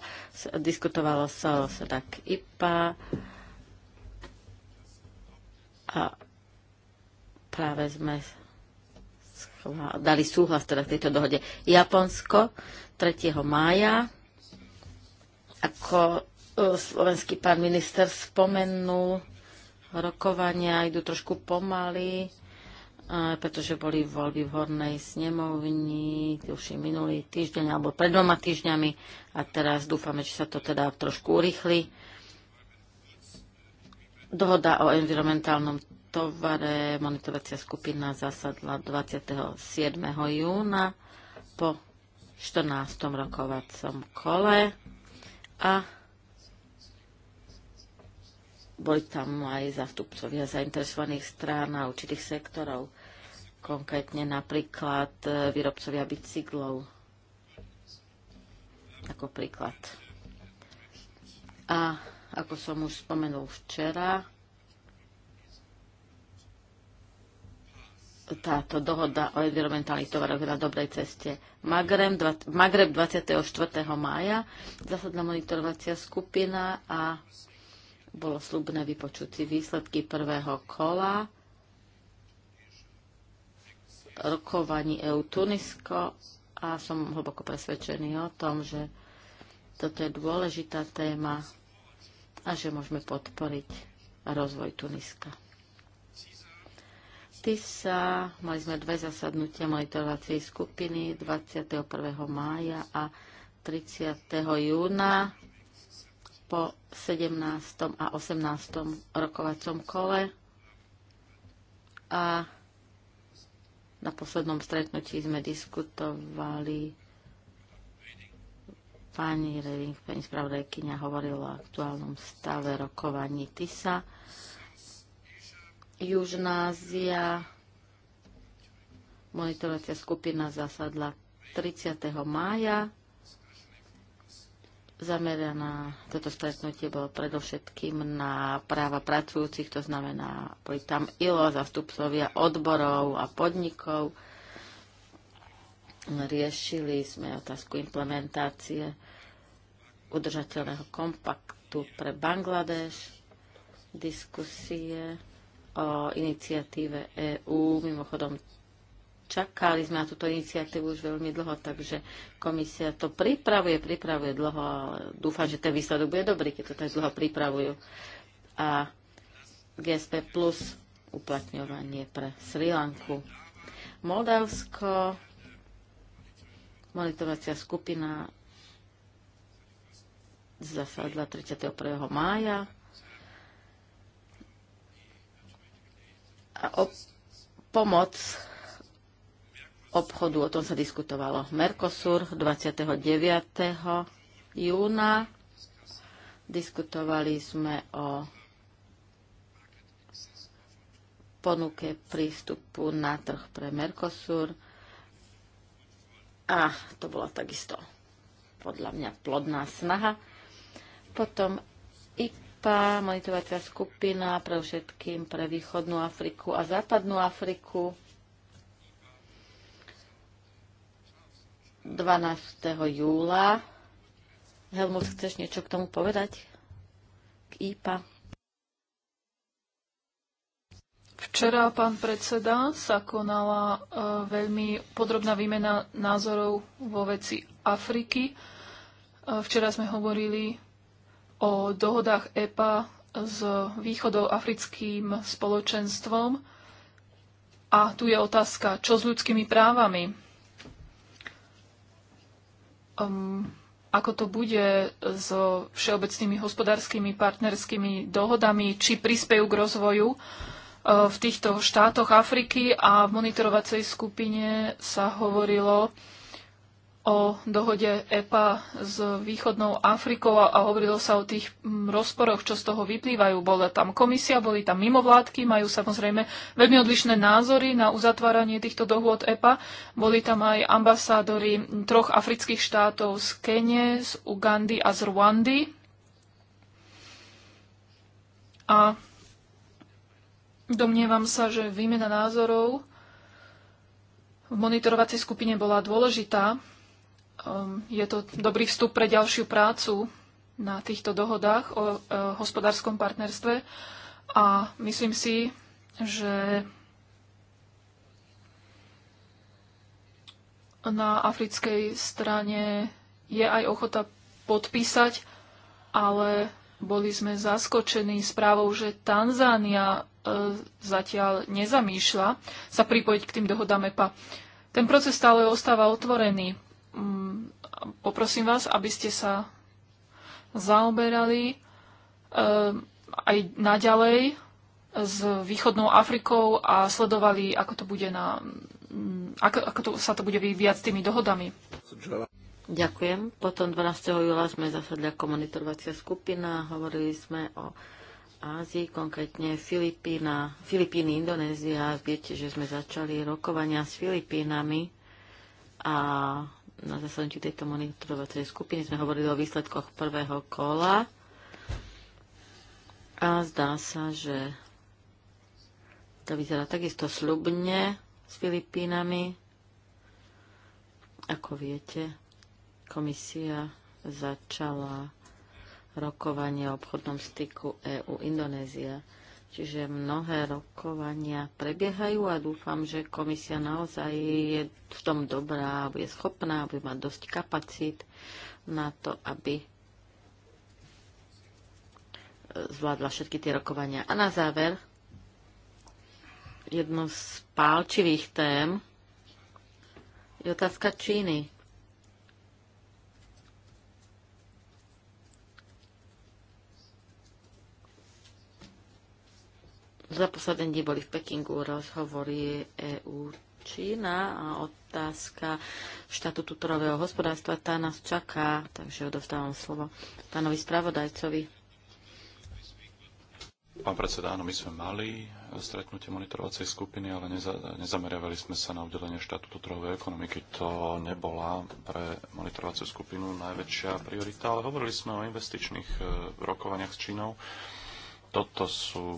Speaker 2: diskutovalo sa o SADAK IPA a práve sme dali súhlas teda k tejto dohode. Japonsko 3. mája ako e, slovenský pán minister spomenul, rokovania idú trošku pomaly, e, pretože boli voľby v hornej snemovni už minulý týždeň alebo pred dvoma týždňami a teraz dúfame, že sa to teda trošku urychli. Dohoda o environmentálnom tovare, monitorovacia skupina zasadla 27. júna po 14. rokovacom kole a boli tam aj zástupcovia zainteresovaných strán a určitých sektorov, konkrétne napríklad e, výrobcovia bicyklov, ako príklad. A ako som už spomenul včera, táto dohoda o environmentálnych tovaroch na dobrej ceste. Magreb, Magreb 24. mája, zasadná monitorovacia skupina a bolo slubné vypočuť si výsledky prvého kola rokovaní EU Tunisko a som hlboko presvedčený o tom, že toto je dôležitá téma a že môžeme podporiť rozvoj Tuniska. TISA. Mali sme dve zasadnutia monitorovacej skupiny 21. mája a 30. júna po 17. a 18. rokovacom kole. A na poslednom stretnutí sme diskutovali pani Reding, pani spravodajkynia hovorila o aktuálnom stave rokovaní TISA Južná Ázia. Monitorovacia skupina zasadla 30. mája. Zameraná, toto stretnutie bolo predovšetkým na práva pracujúcich, to znamená, boli tam ILO, zastupcovia odborov a podnikov. Riešili sme otázku implementácie udržateľného kompaktu pre Bangladeš, diskusie o iniciatíve EÚ. Mimochodom, čakali sme na túto iniciatívu už veľmi dlho, takže komisia to pripravuje, pripravuje dlho a dúfam, že ten výsledok bude dobrý, keď to tak dlho pripravujú. A GSP plus uplatňovanie pre Sri Lanku. Moldavsko, monitorovacia skupina zasadla 31. mája o pomoc obchodu, o tom sa diskutovalo. Mercosur 29. júna. Diskutovali sme o ponuke prístupu na trh pre Mercosur. A to bola takisto podľa mňa plodná snaha. Potom grupa, monitorovacia skupina pre všetkým pre východnú Afriku a západnú Afriku 12. júla. Helmut, chceš niečo k tomu povedať? K IPA? Včera, pán predseda, sa konala
Speaker 3: e, veľmi podrobná výmena názorov vo veci Afriky. E, včera sme hovorili o dohodách EPA s východoafrickým spoločenstvom. A tu je otázka, čo s ľudskými právami? Um, ako to bude so všeobecnými hospodárskymi partnerskými dohodami, či prispejú k rozvoju uh, v týchto štátoch Afriky a v monitorovacej skupine sa hovorilo o dohode EPA s východnou Afrikou a hovorilo sa o tých rozporoch, čo z toho vyplývajú. Bola tam komisia, boli tam mimovládky, majú samozrejme veľmi odlišné názory na uzatváranie týchto dohôd EPA. Boli tam aj ambasádori troch afrických štátov z Kene, z Ugandy a z Rwandy. A domnievam sa, že výmena názorov v monitorovacej skupine bola dôležitá um, je to dobrý vstup pre ďalšiu prácu na týchto dohodách o, o e, hospodárskom partnerstve a myslím si, že na africkej strane je aj ochota podpísať, ale boli sme zaskočení správou, že Tanzánia e, zatiaľ nezamýšľa sa pripojiť k tým dohodám EPA. Ten proces stále ostáva otvorený. Mm, poprosím vás, aby ste sa zaoberali eh, aj naďalej s východnou Afrikou a sledovali, ako to bude na,
Speaker 2: mm, ako, ako to, sa to bude vyvíjať s tými dohodami. Ďakujem. Potom 12. júla sme zasadli ako monitorovacia skupina. Hovorili sme o Ázii, konkrétne Filipína, Filipíny, Indonézia. Viete, že sme začali rokovania s Filipínami a na zasadnutí tejto monitorovacej skupiny sme hovorili o výsledkoch prvého kola a zdá sa, že to vyzerá takisto slubne s Filipínami. Ako viete, komisia začala rokovanie o obchodnom styku EU-Indonézia. Čiže mnohé rokovania prebiehajú a dúfam, že komisia naozaj je v tom dobrá, je schopná, aby má dosť kapacít na to, aby e, zvládla všetky tie rokovania. A na záver, jedno z pálčivých tém je otázka Číny. Za posledný deň boli v Pekingu rozhovory EU Čína a otázka štátu tutorového hospodárstva, tá nás čaká, takže odovzdávam slovo pánovi spravodajcovi.
Speaker 1: Pán predseda, áno, my sme mali stretnutie monitorovacej skupiny, ale neza, nezameriavali sme sa na udelenie štátu tutorovej ekonomiky. To nebola pre monitorovaciu skupinu najväčšia priorita, ale hovorili sme o investičných e, rokovaniach s Čínou. Toto sú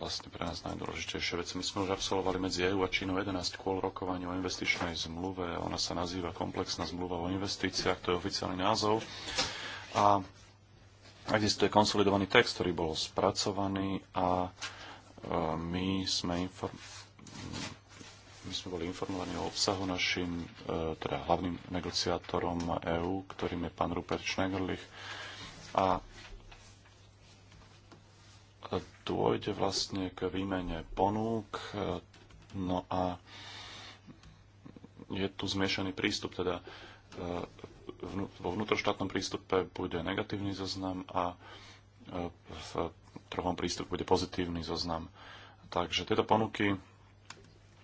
Speaker 1: vlastne pre nás najdôležitejšie veci. My sme už absolvovali medzi EU a Čínou 11 kôl rokovaní o investičnej zmluve. Ona sa nazýva komplexná zmluva o investíciách, to je oficiálny názov. A existuje konsolidovaný text, ktorý bol spracovaný a e, my sme, inform- my sme boli informovaní o obsahu našim e, teda hlavným negociátorom EÚ, ktorým je pán Rupert Schneiderlich A dôjde vlastne k výmene ponúk. No a je tu zmiešaný prístup, teda e, vo vnútroštátnom prístupe bude negatívny zoznam a e, v trhovom prístupe bude pozitívny zoznam. Takže tieto ponuky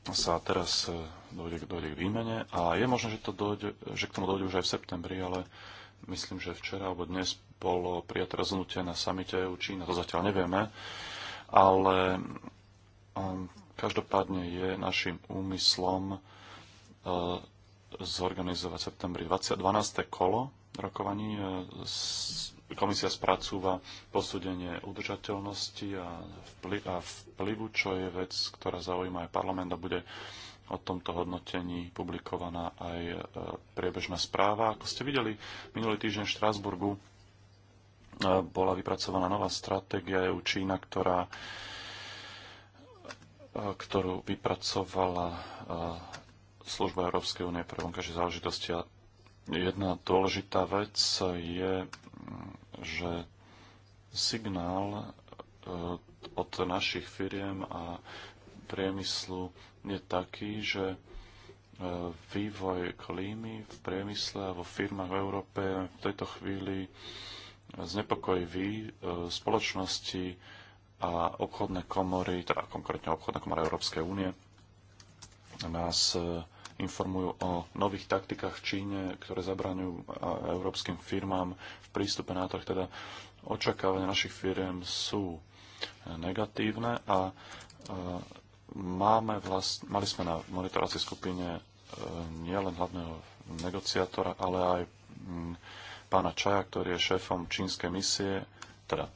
Speaker 1: sa teraz e, dojde, dojde k výmene a je možné, že, to dojde, že k tomu dojde už aj v septembri, ale myslím, že včera alebo dnes bolo prijaté rozhodnutie na samite EU Čína, to zatiaľ nevieme ale um, každopádne je našim úmyslom uh, zorganizovať septembri 12. kolo rokovaní. Uh, komisia spracúva posúdenie udržateľnosti a, vplyv, a vplyvu, čo je vec, ktorá zaujíma aj parlament a bude o tomto hodnotení publikovaná aj uh, priebežná správa. Ako ste videli, minulý týždeň v Štrásburgu bola vypracovaná nová stratégia EU Čína, ktorá, ktorú vypracovala služba Európskej únie pre vonkajšie záležitosti. A jedna dôležitá vec je, že signál od našich firiem a priemyslu je taký, že vývoj klímy v priemysle a vo firmách v Európe v tejto chvíli znepokojivý. E, spoločnosti a obchodné komory, teda konkrétne obchodné komora Európskej únie, nás e, informujú o nových taktikách v Číne, ktoré zabraňujú e, európskym firmám v prístupe na trh. Teda očakávania našich firiem sú negatívne a máme vlast, mali sme na monitorácii skupine nielen hlavného negociátora, ale aj pána Čaja, ktorý je šéfom čínskej misie. Teda e,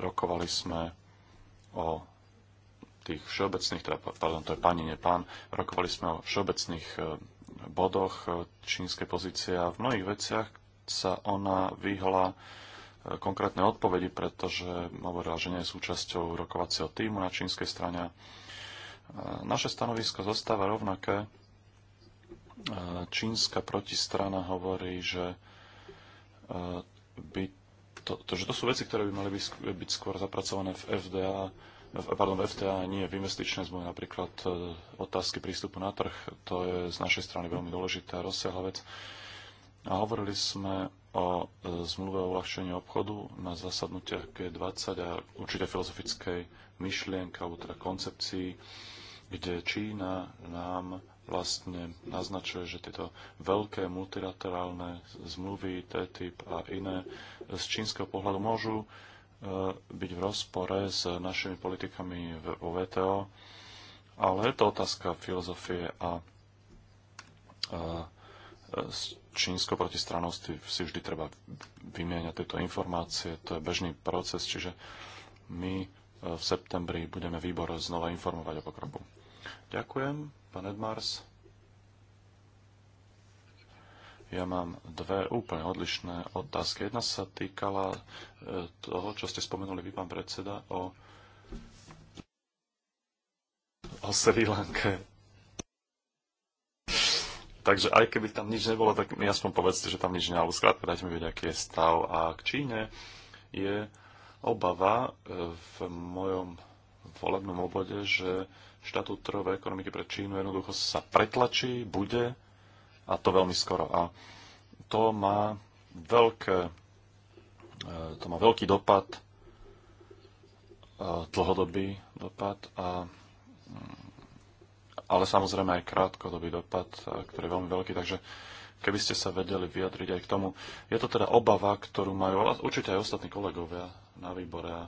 Speaker 1: rokovali sme o tých všeobecných, teda, pardon, to je pani, nie pán, rokovali sme o všeobecných e, bodoch e, čínskej pozície a v mnohých veciach sa ona vyhla konkrétne odpovedi, pretože hovorila, že nie je súčasťou rokovacieho týmu na čínskej strane. Naše stanovisko zostáva rovnaké čínska protistrana hovorí, že, e, by to, to, že to sú veci, ktoré by mali byť skôr zapracované v FDA, pardon, v FTA, nie v investičnej zmluve, napríklad e, otázky prístupu na trh, to je z našej strany veľmi dôležitá rozsiahla vec. A hovorili sme o e, zmluve o uľahčení obchodu na zasadnutiach G20 a určite filozofickej myšlienke alebo teda koncepcii, kde Čína nám vlastne naznačuje, že tieto veľké multilaterálne zmluvy TTIP a iné z čínskeho pohľadu môžu e, byť v rozpore s našimi politikami vo VTO, ale je to otázka filozofie a e, s čínskou protistranou si vždy treba vymieňať tieto informácie. To je bežný proces, čiže my e, v septembri budeme výbor znova informovať o pokroku. Ďakujem. Pán Edmars? Ja mám dve úplne odlišné otázky. Jedna sa týkala e, toho, čo ste spomenuli vy, pán predseda, o, o Sri Lanke. Takže aj keby tam nič nebolo, tak mi aspoň povedzte, že tam nič nie, alebo skrátka dajte mi vedieť, aký je stav. A k Číne je obava e, v mojom volebnom obvode, že štatút trhovej ekonomiky pre Čínu jednoducho sa pretlačí, bude a to veľmi skoro. A to má, veľké, e, to má veľký dopad, e, dlhodobý dopad, a, mm, ale samozrejme aj krátkodobý dopad, e, ktorý je veľmi veľký. Takže keby ste sa vedeli vyjadriť aj k tomu. Je to teda obava, ktorú majú určite aj ostatní kolegovia na výbore. A,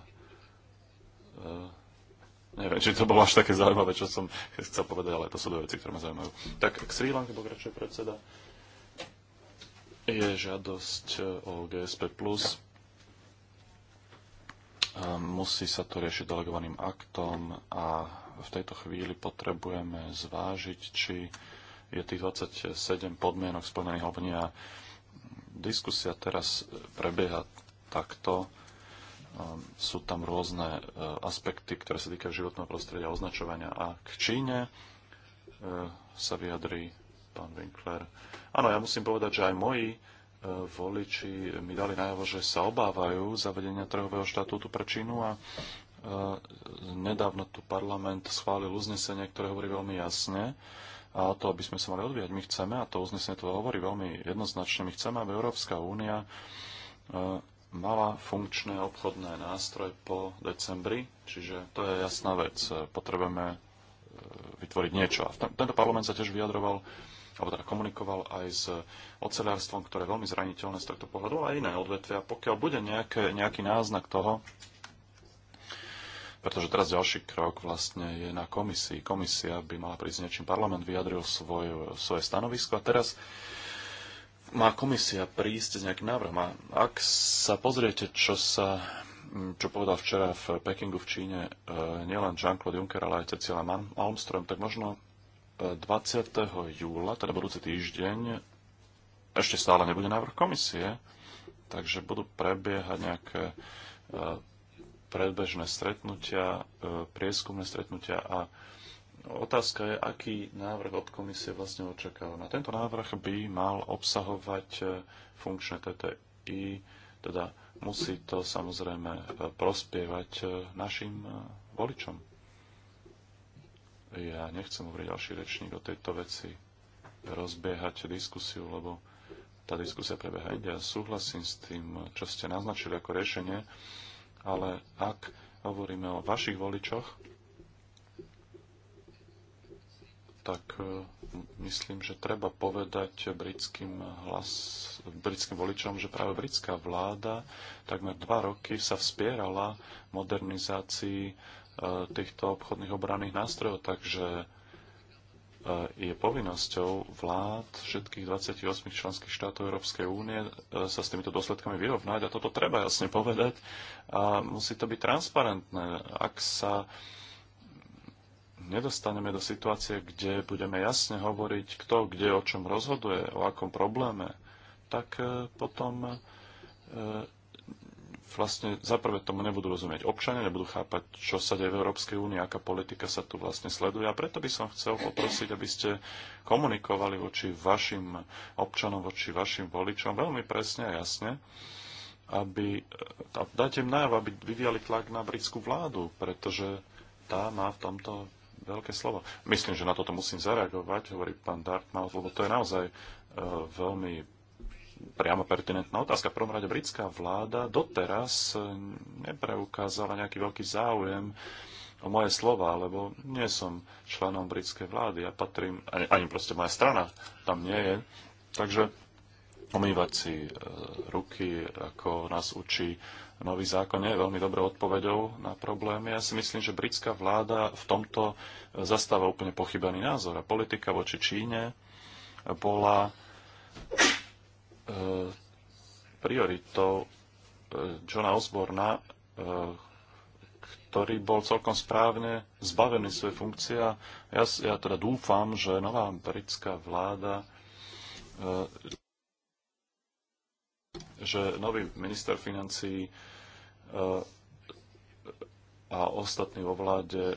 Speaker 1: Neviem, či to bolo až také zaujímavé, čo som chcel povedať, ale to sú dve veci, ktoré ma zaujímajú. Tak k Sri Lanke pokračuje predseda. Je žiadosť e, o GSP+. Musí sa to riešiť delegovaným aktom a v tejto chvíli potrebujeme zvážiť, či je tých 27 podmienok splnených alebo nie. Diskusia teraz prebieha takto sú tam rôzne e, aspekty, ktoré sa týkajú životného prostredia, a označovania. A k Číne e, sa vyjadrí pán Winkler. Áno, ja musím povedať, že aj moji e, voliči mi dali najavo, že sa obávajú zavedenia trhového štatútu pre Čínu a nedávno tu parlament schválil uznesenie, ktoré hovorí veľmi jasne, a to, aby sme sa mali odvíjať. My chceme, a to uznesenie to hovorí veľmi jednoznačne, my chceme, aby Európska únia mala funkčné obchodné nástroje po decembri, čiže to je jasná vec. Potrebujeme e, vytvoriť niečo. A tento parlament sa tiež vyjadroval, alebo teda komunikoval aj s ocelárstvom, ktoré je veľmi zraniteľné z tohto pohľadu, a iné odvetvia. Pokiaľ bude nejaké, nejaký náznak toho, pretože teraz ďalší krok vlastne je na komisii. Komisia by mala prísť niečím. Parlament vyjadril svoj, svoje stanovisko a teraz má komisia prísť s nejakým návrhom. A ak sa pozriete, čo sa čo povedal včera v Pekingu v Číne e, nielen Jean-Claude Juncker, ale aj Cecilia Malmström, tak možno 20. E, júla, teda budúci týždeň, ešte stále nebude návrh komisie, takže budú prebiehať nejaké e, predbežné stretnutia, prieskumné stretnutia a otázka je, aký návrh od komisie vlastne Na Tento návrh by mal obsahovať e, funkčné TTI, teda musí to samozrejme e, prospievať e, našim voličom. Ja nechcem hovoriť ďalší rečník o tejto veci, rozbiehať diskusiu, lebo tá diskusia prebieha ide Ja súhlasím s tým, čo ste naznačili ako riešenie, ale ak hovoríme o vašich voličoch, tak e, myslím, že treba povedať britským, hlas, britským voličom, že práve britská vláda takmer dva roky sa vspierala modernizácii e, týchto obchodných obranných nástrojov, takže e, je povinnosťou vlád všetkých 28 členských štátov Európskej únie sa s týmito dôsledkami vyrovnať a toto treba jasne povedať a musí to byť transparentné. Ak sa nedostaneme do situácie, kde budeme jasne hovoriť, kto kde o čom rozhoduje, o akom probléme, tak e, potom e, vlastne zaprvé tomu nebudú rozumieť občania, nebudú chápať, čo sa deje v Európskej únii, aká politika sa tu vlastne sleduje. A preto by som chcel poprosiť, aby ste komunikovali voči vašim občanom, voči vašim voličom veľmi presne a jasne, aby, a dajte im najavo, aby vyvíjali tlak na britskú vládu, pretože tá má v tomto veľké slovo. Myslím, že na toto musím zareagovať, hovorí pán Dartmouth, lebo to je naozaj e, veľmi priamo pertinentná otázka. V prvom rade britská vláda doteraz e, nepreukázala nejaký veľký záujem o moje slova, lebo nie som členom britskej vlády. Ja patrím, ani, ani proste moja strana tam nie je. Takže omývať si e, ruky, ako nás učí nový zákon nie je veľmi dobrou odpoveďou na problémy. Ja si myslím, že britská vláda v tomto zastáva úplne pochybený názor. A politika voči Číne bola e, prioritou e, Johna Osborna, e, ktorý bol celkom správne zbavený svoje funkcie. A ja, ja teda dúfam, že nová britská vláda, že nový minister financí a ostatní vo vláde e,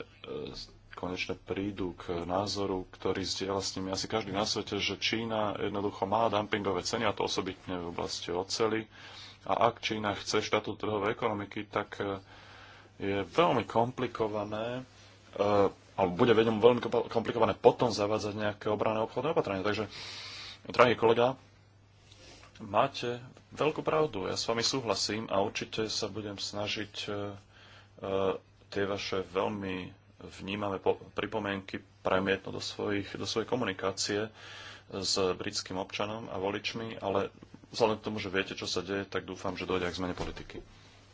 Speaker 1: konečne prídu k názoru, ktorý zdieľa s nimi asi každý na svete, že Čína jednoducho má dumpingové ceny, a to osobitne v oblasti oceli. A ak Čína chce štátu trhovej ekonomiky, tak e, je veľmi komplikované e, alebo bude vedom veľmi komplikované potom zavádzať nejaké obrané obchodné opatrenie. Takže, drahý kolega, Máte veľkú pravdu, ja s vami súhlasím a určite sa budem snažiť e, e, tie vaše veľmi vnímavé pripomienky premietnúť do, svojich, do svojej komunikácie s britským občanom a voličmi, ale vzhľadom k tomu, že viete, čo sa deje, tak dúfam, že dojde aj k zmene politiky.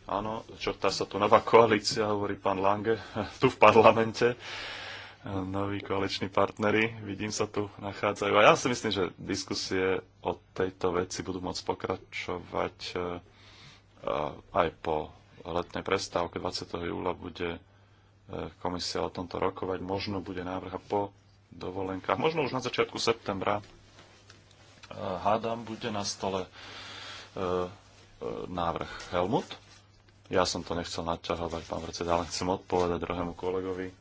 Speaker 1: Áno, čo tá sa tu nová koalícia, hovorí pán Lange, tu v parlamente. Uh, noví koaliční partnery, vidím sa tu, nachádzajú. A ja si myslím, že diskusie o tejto veci budú môcť pokračovať e, e, aj po letnej prestávke 20. júla bude e, komisia o tomto rokovať. Možno bude návrh a po dovolenkách, možno už na začiatku septembra hádam, bude na stole návrh Helmut. Ja som to nechcel naťahovať, pán predseda, ale chcem odpovedať druhému kolegovi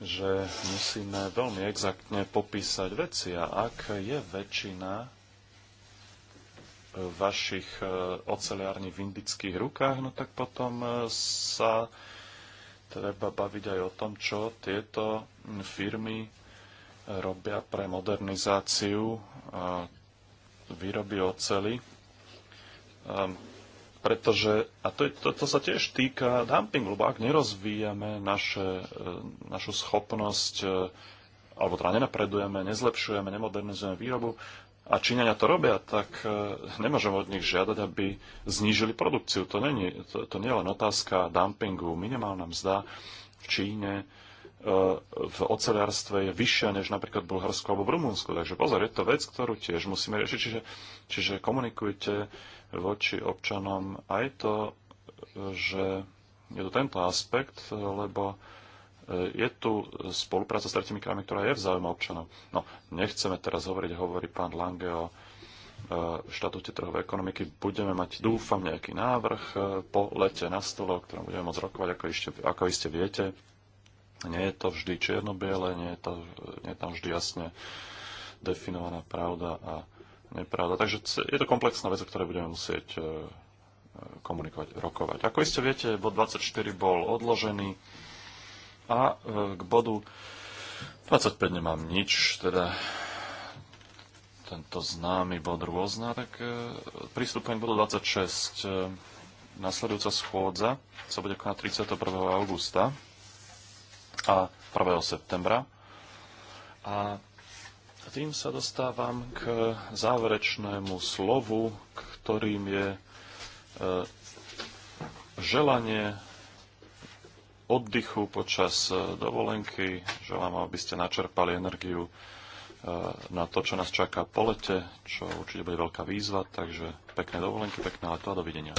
Speaker 1: že musíme veľmi exaktne popísať veci a ak je väčšina e, vašich e, oceliární v indických rukách, no tak potom e, sa treba baviť aj o tom, čo tieto firmy robia pre modernizáciu výroby ocely pretože, a to, to, to sa tiež týka dumpingu, lebo ak nerozvíjame naše, e, našu schopnosť, e, alebo teda nenapredujeme, nezlepšujeme, nemodernizujeme výrobu, a Číňania to robia, tak e, nemôžeme od nich žiadať, aby znížili produkciu. To není. to, to nie je len otázka dumpingu. Minimálna mzda v Číne v oceliarstve je vyššia než napríklad v Bulharsku alebo v Rumunsku. Takže pozor, je to vec, ktorú tiež musíme riešiť. Čiže, čiže komunikujte voči občanom aj to, že je to tento aspekt, lebo e, je tu spolupráca s tretimi krajmi, ktorá je v záujme občanov. No, nechceme teraz hovoriť, hovorí pán Lange o e, štatúte trhovej ekonomiky. Budeme mať, dúfam, nejaký návrh e, po lete na stole, o ktorom budeme môcť rokovať, ako, ešte, ako iste viete. Nie je to vždy čierno-biele, nie, je to, nie je tam vždy jasne definovaná pravda a nepravda. Takže je to komplexná vec, o ktorej budeme musieť e, e, komunikovať, rokovať. Ako iste viete, bod 24 bol odložený a e, k bodu 25 nemám nič, teda tento známy bod rôzna, tak pristupujem k bodu 26. Nasledujúca schôdza sa bude konať 31. augusta a 1. septembra. A tým sa dostávam k záverečnému slovu, ktorým je e, želanie oddychu počas e, dovolenky. Želám, aby ste načerpali energiu e, na to, čo nás čaká po lete, čo určite bude veľká výzva, takže pekné dovolenky, pekné leto a dovidenia.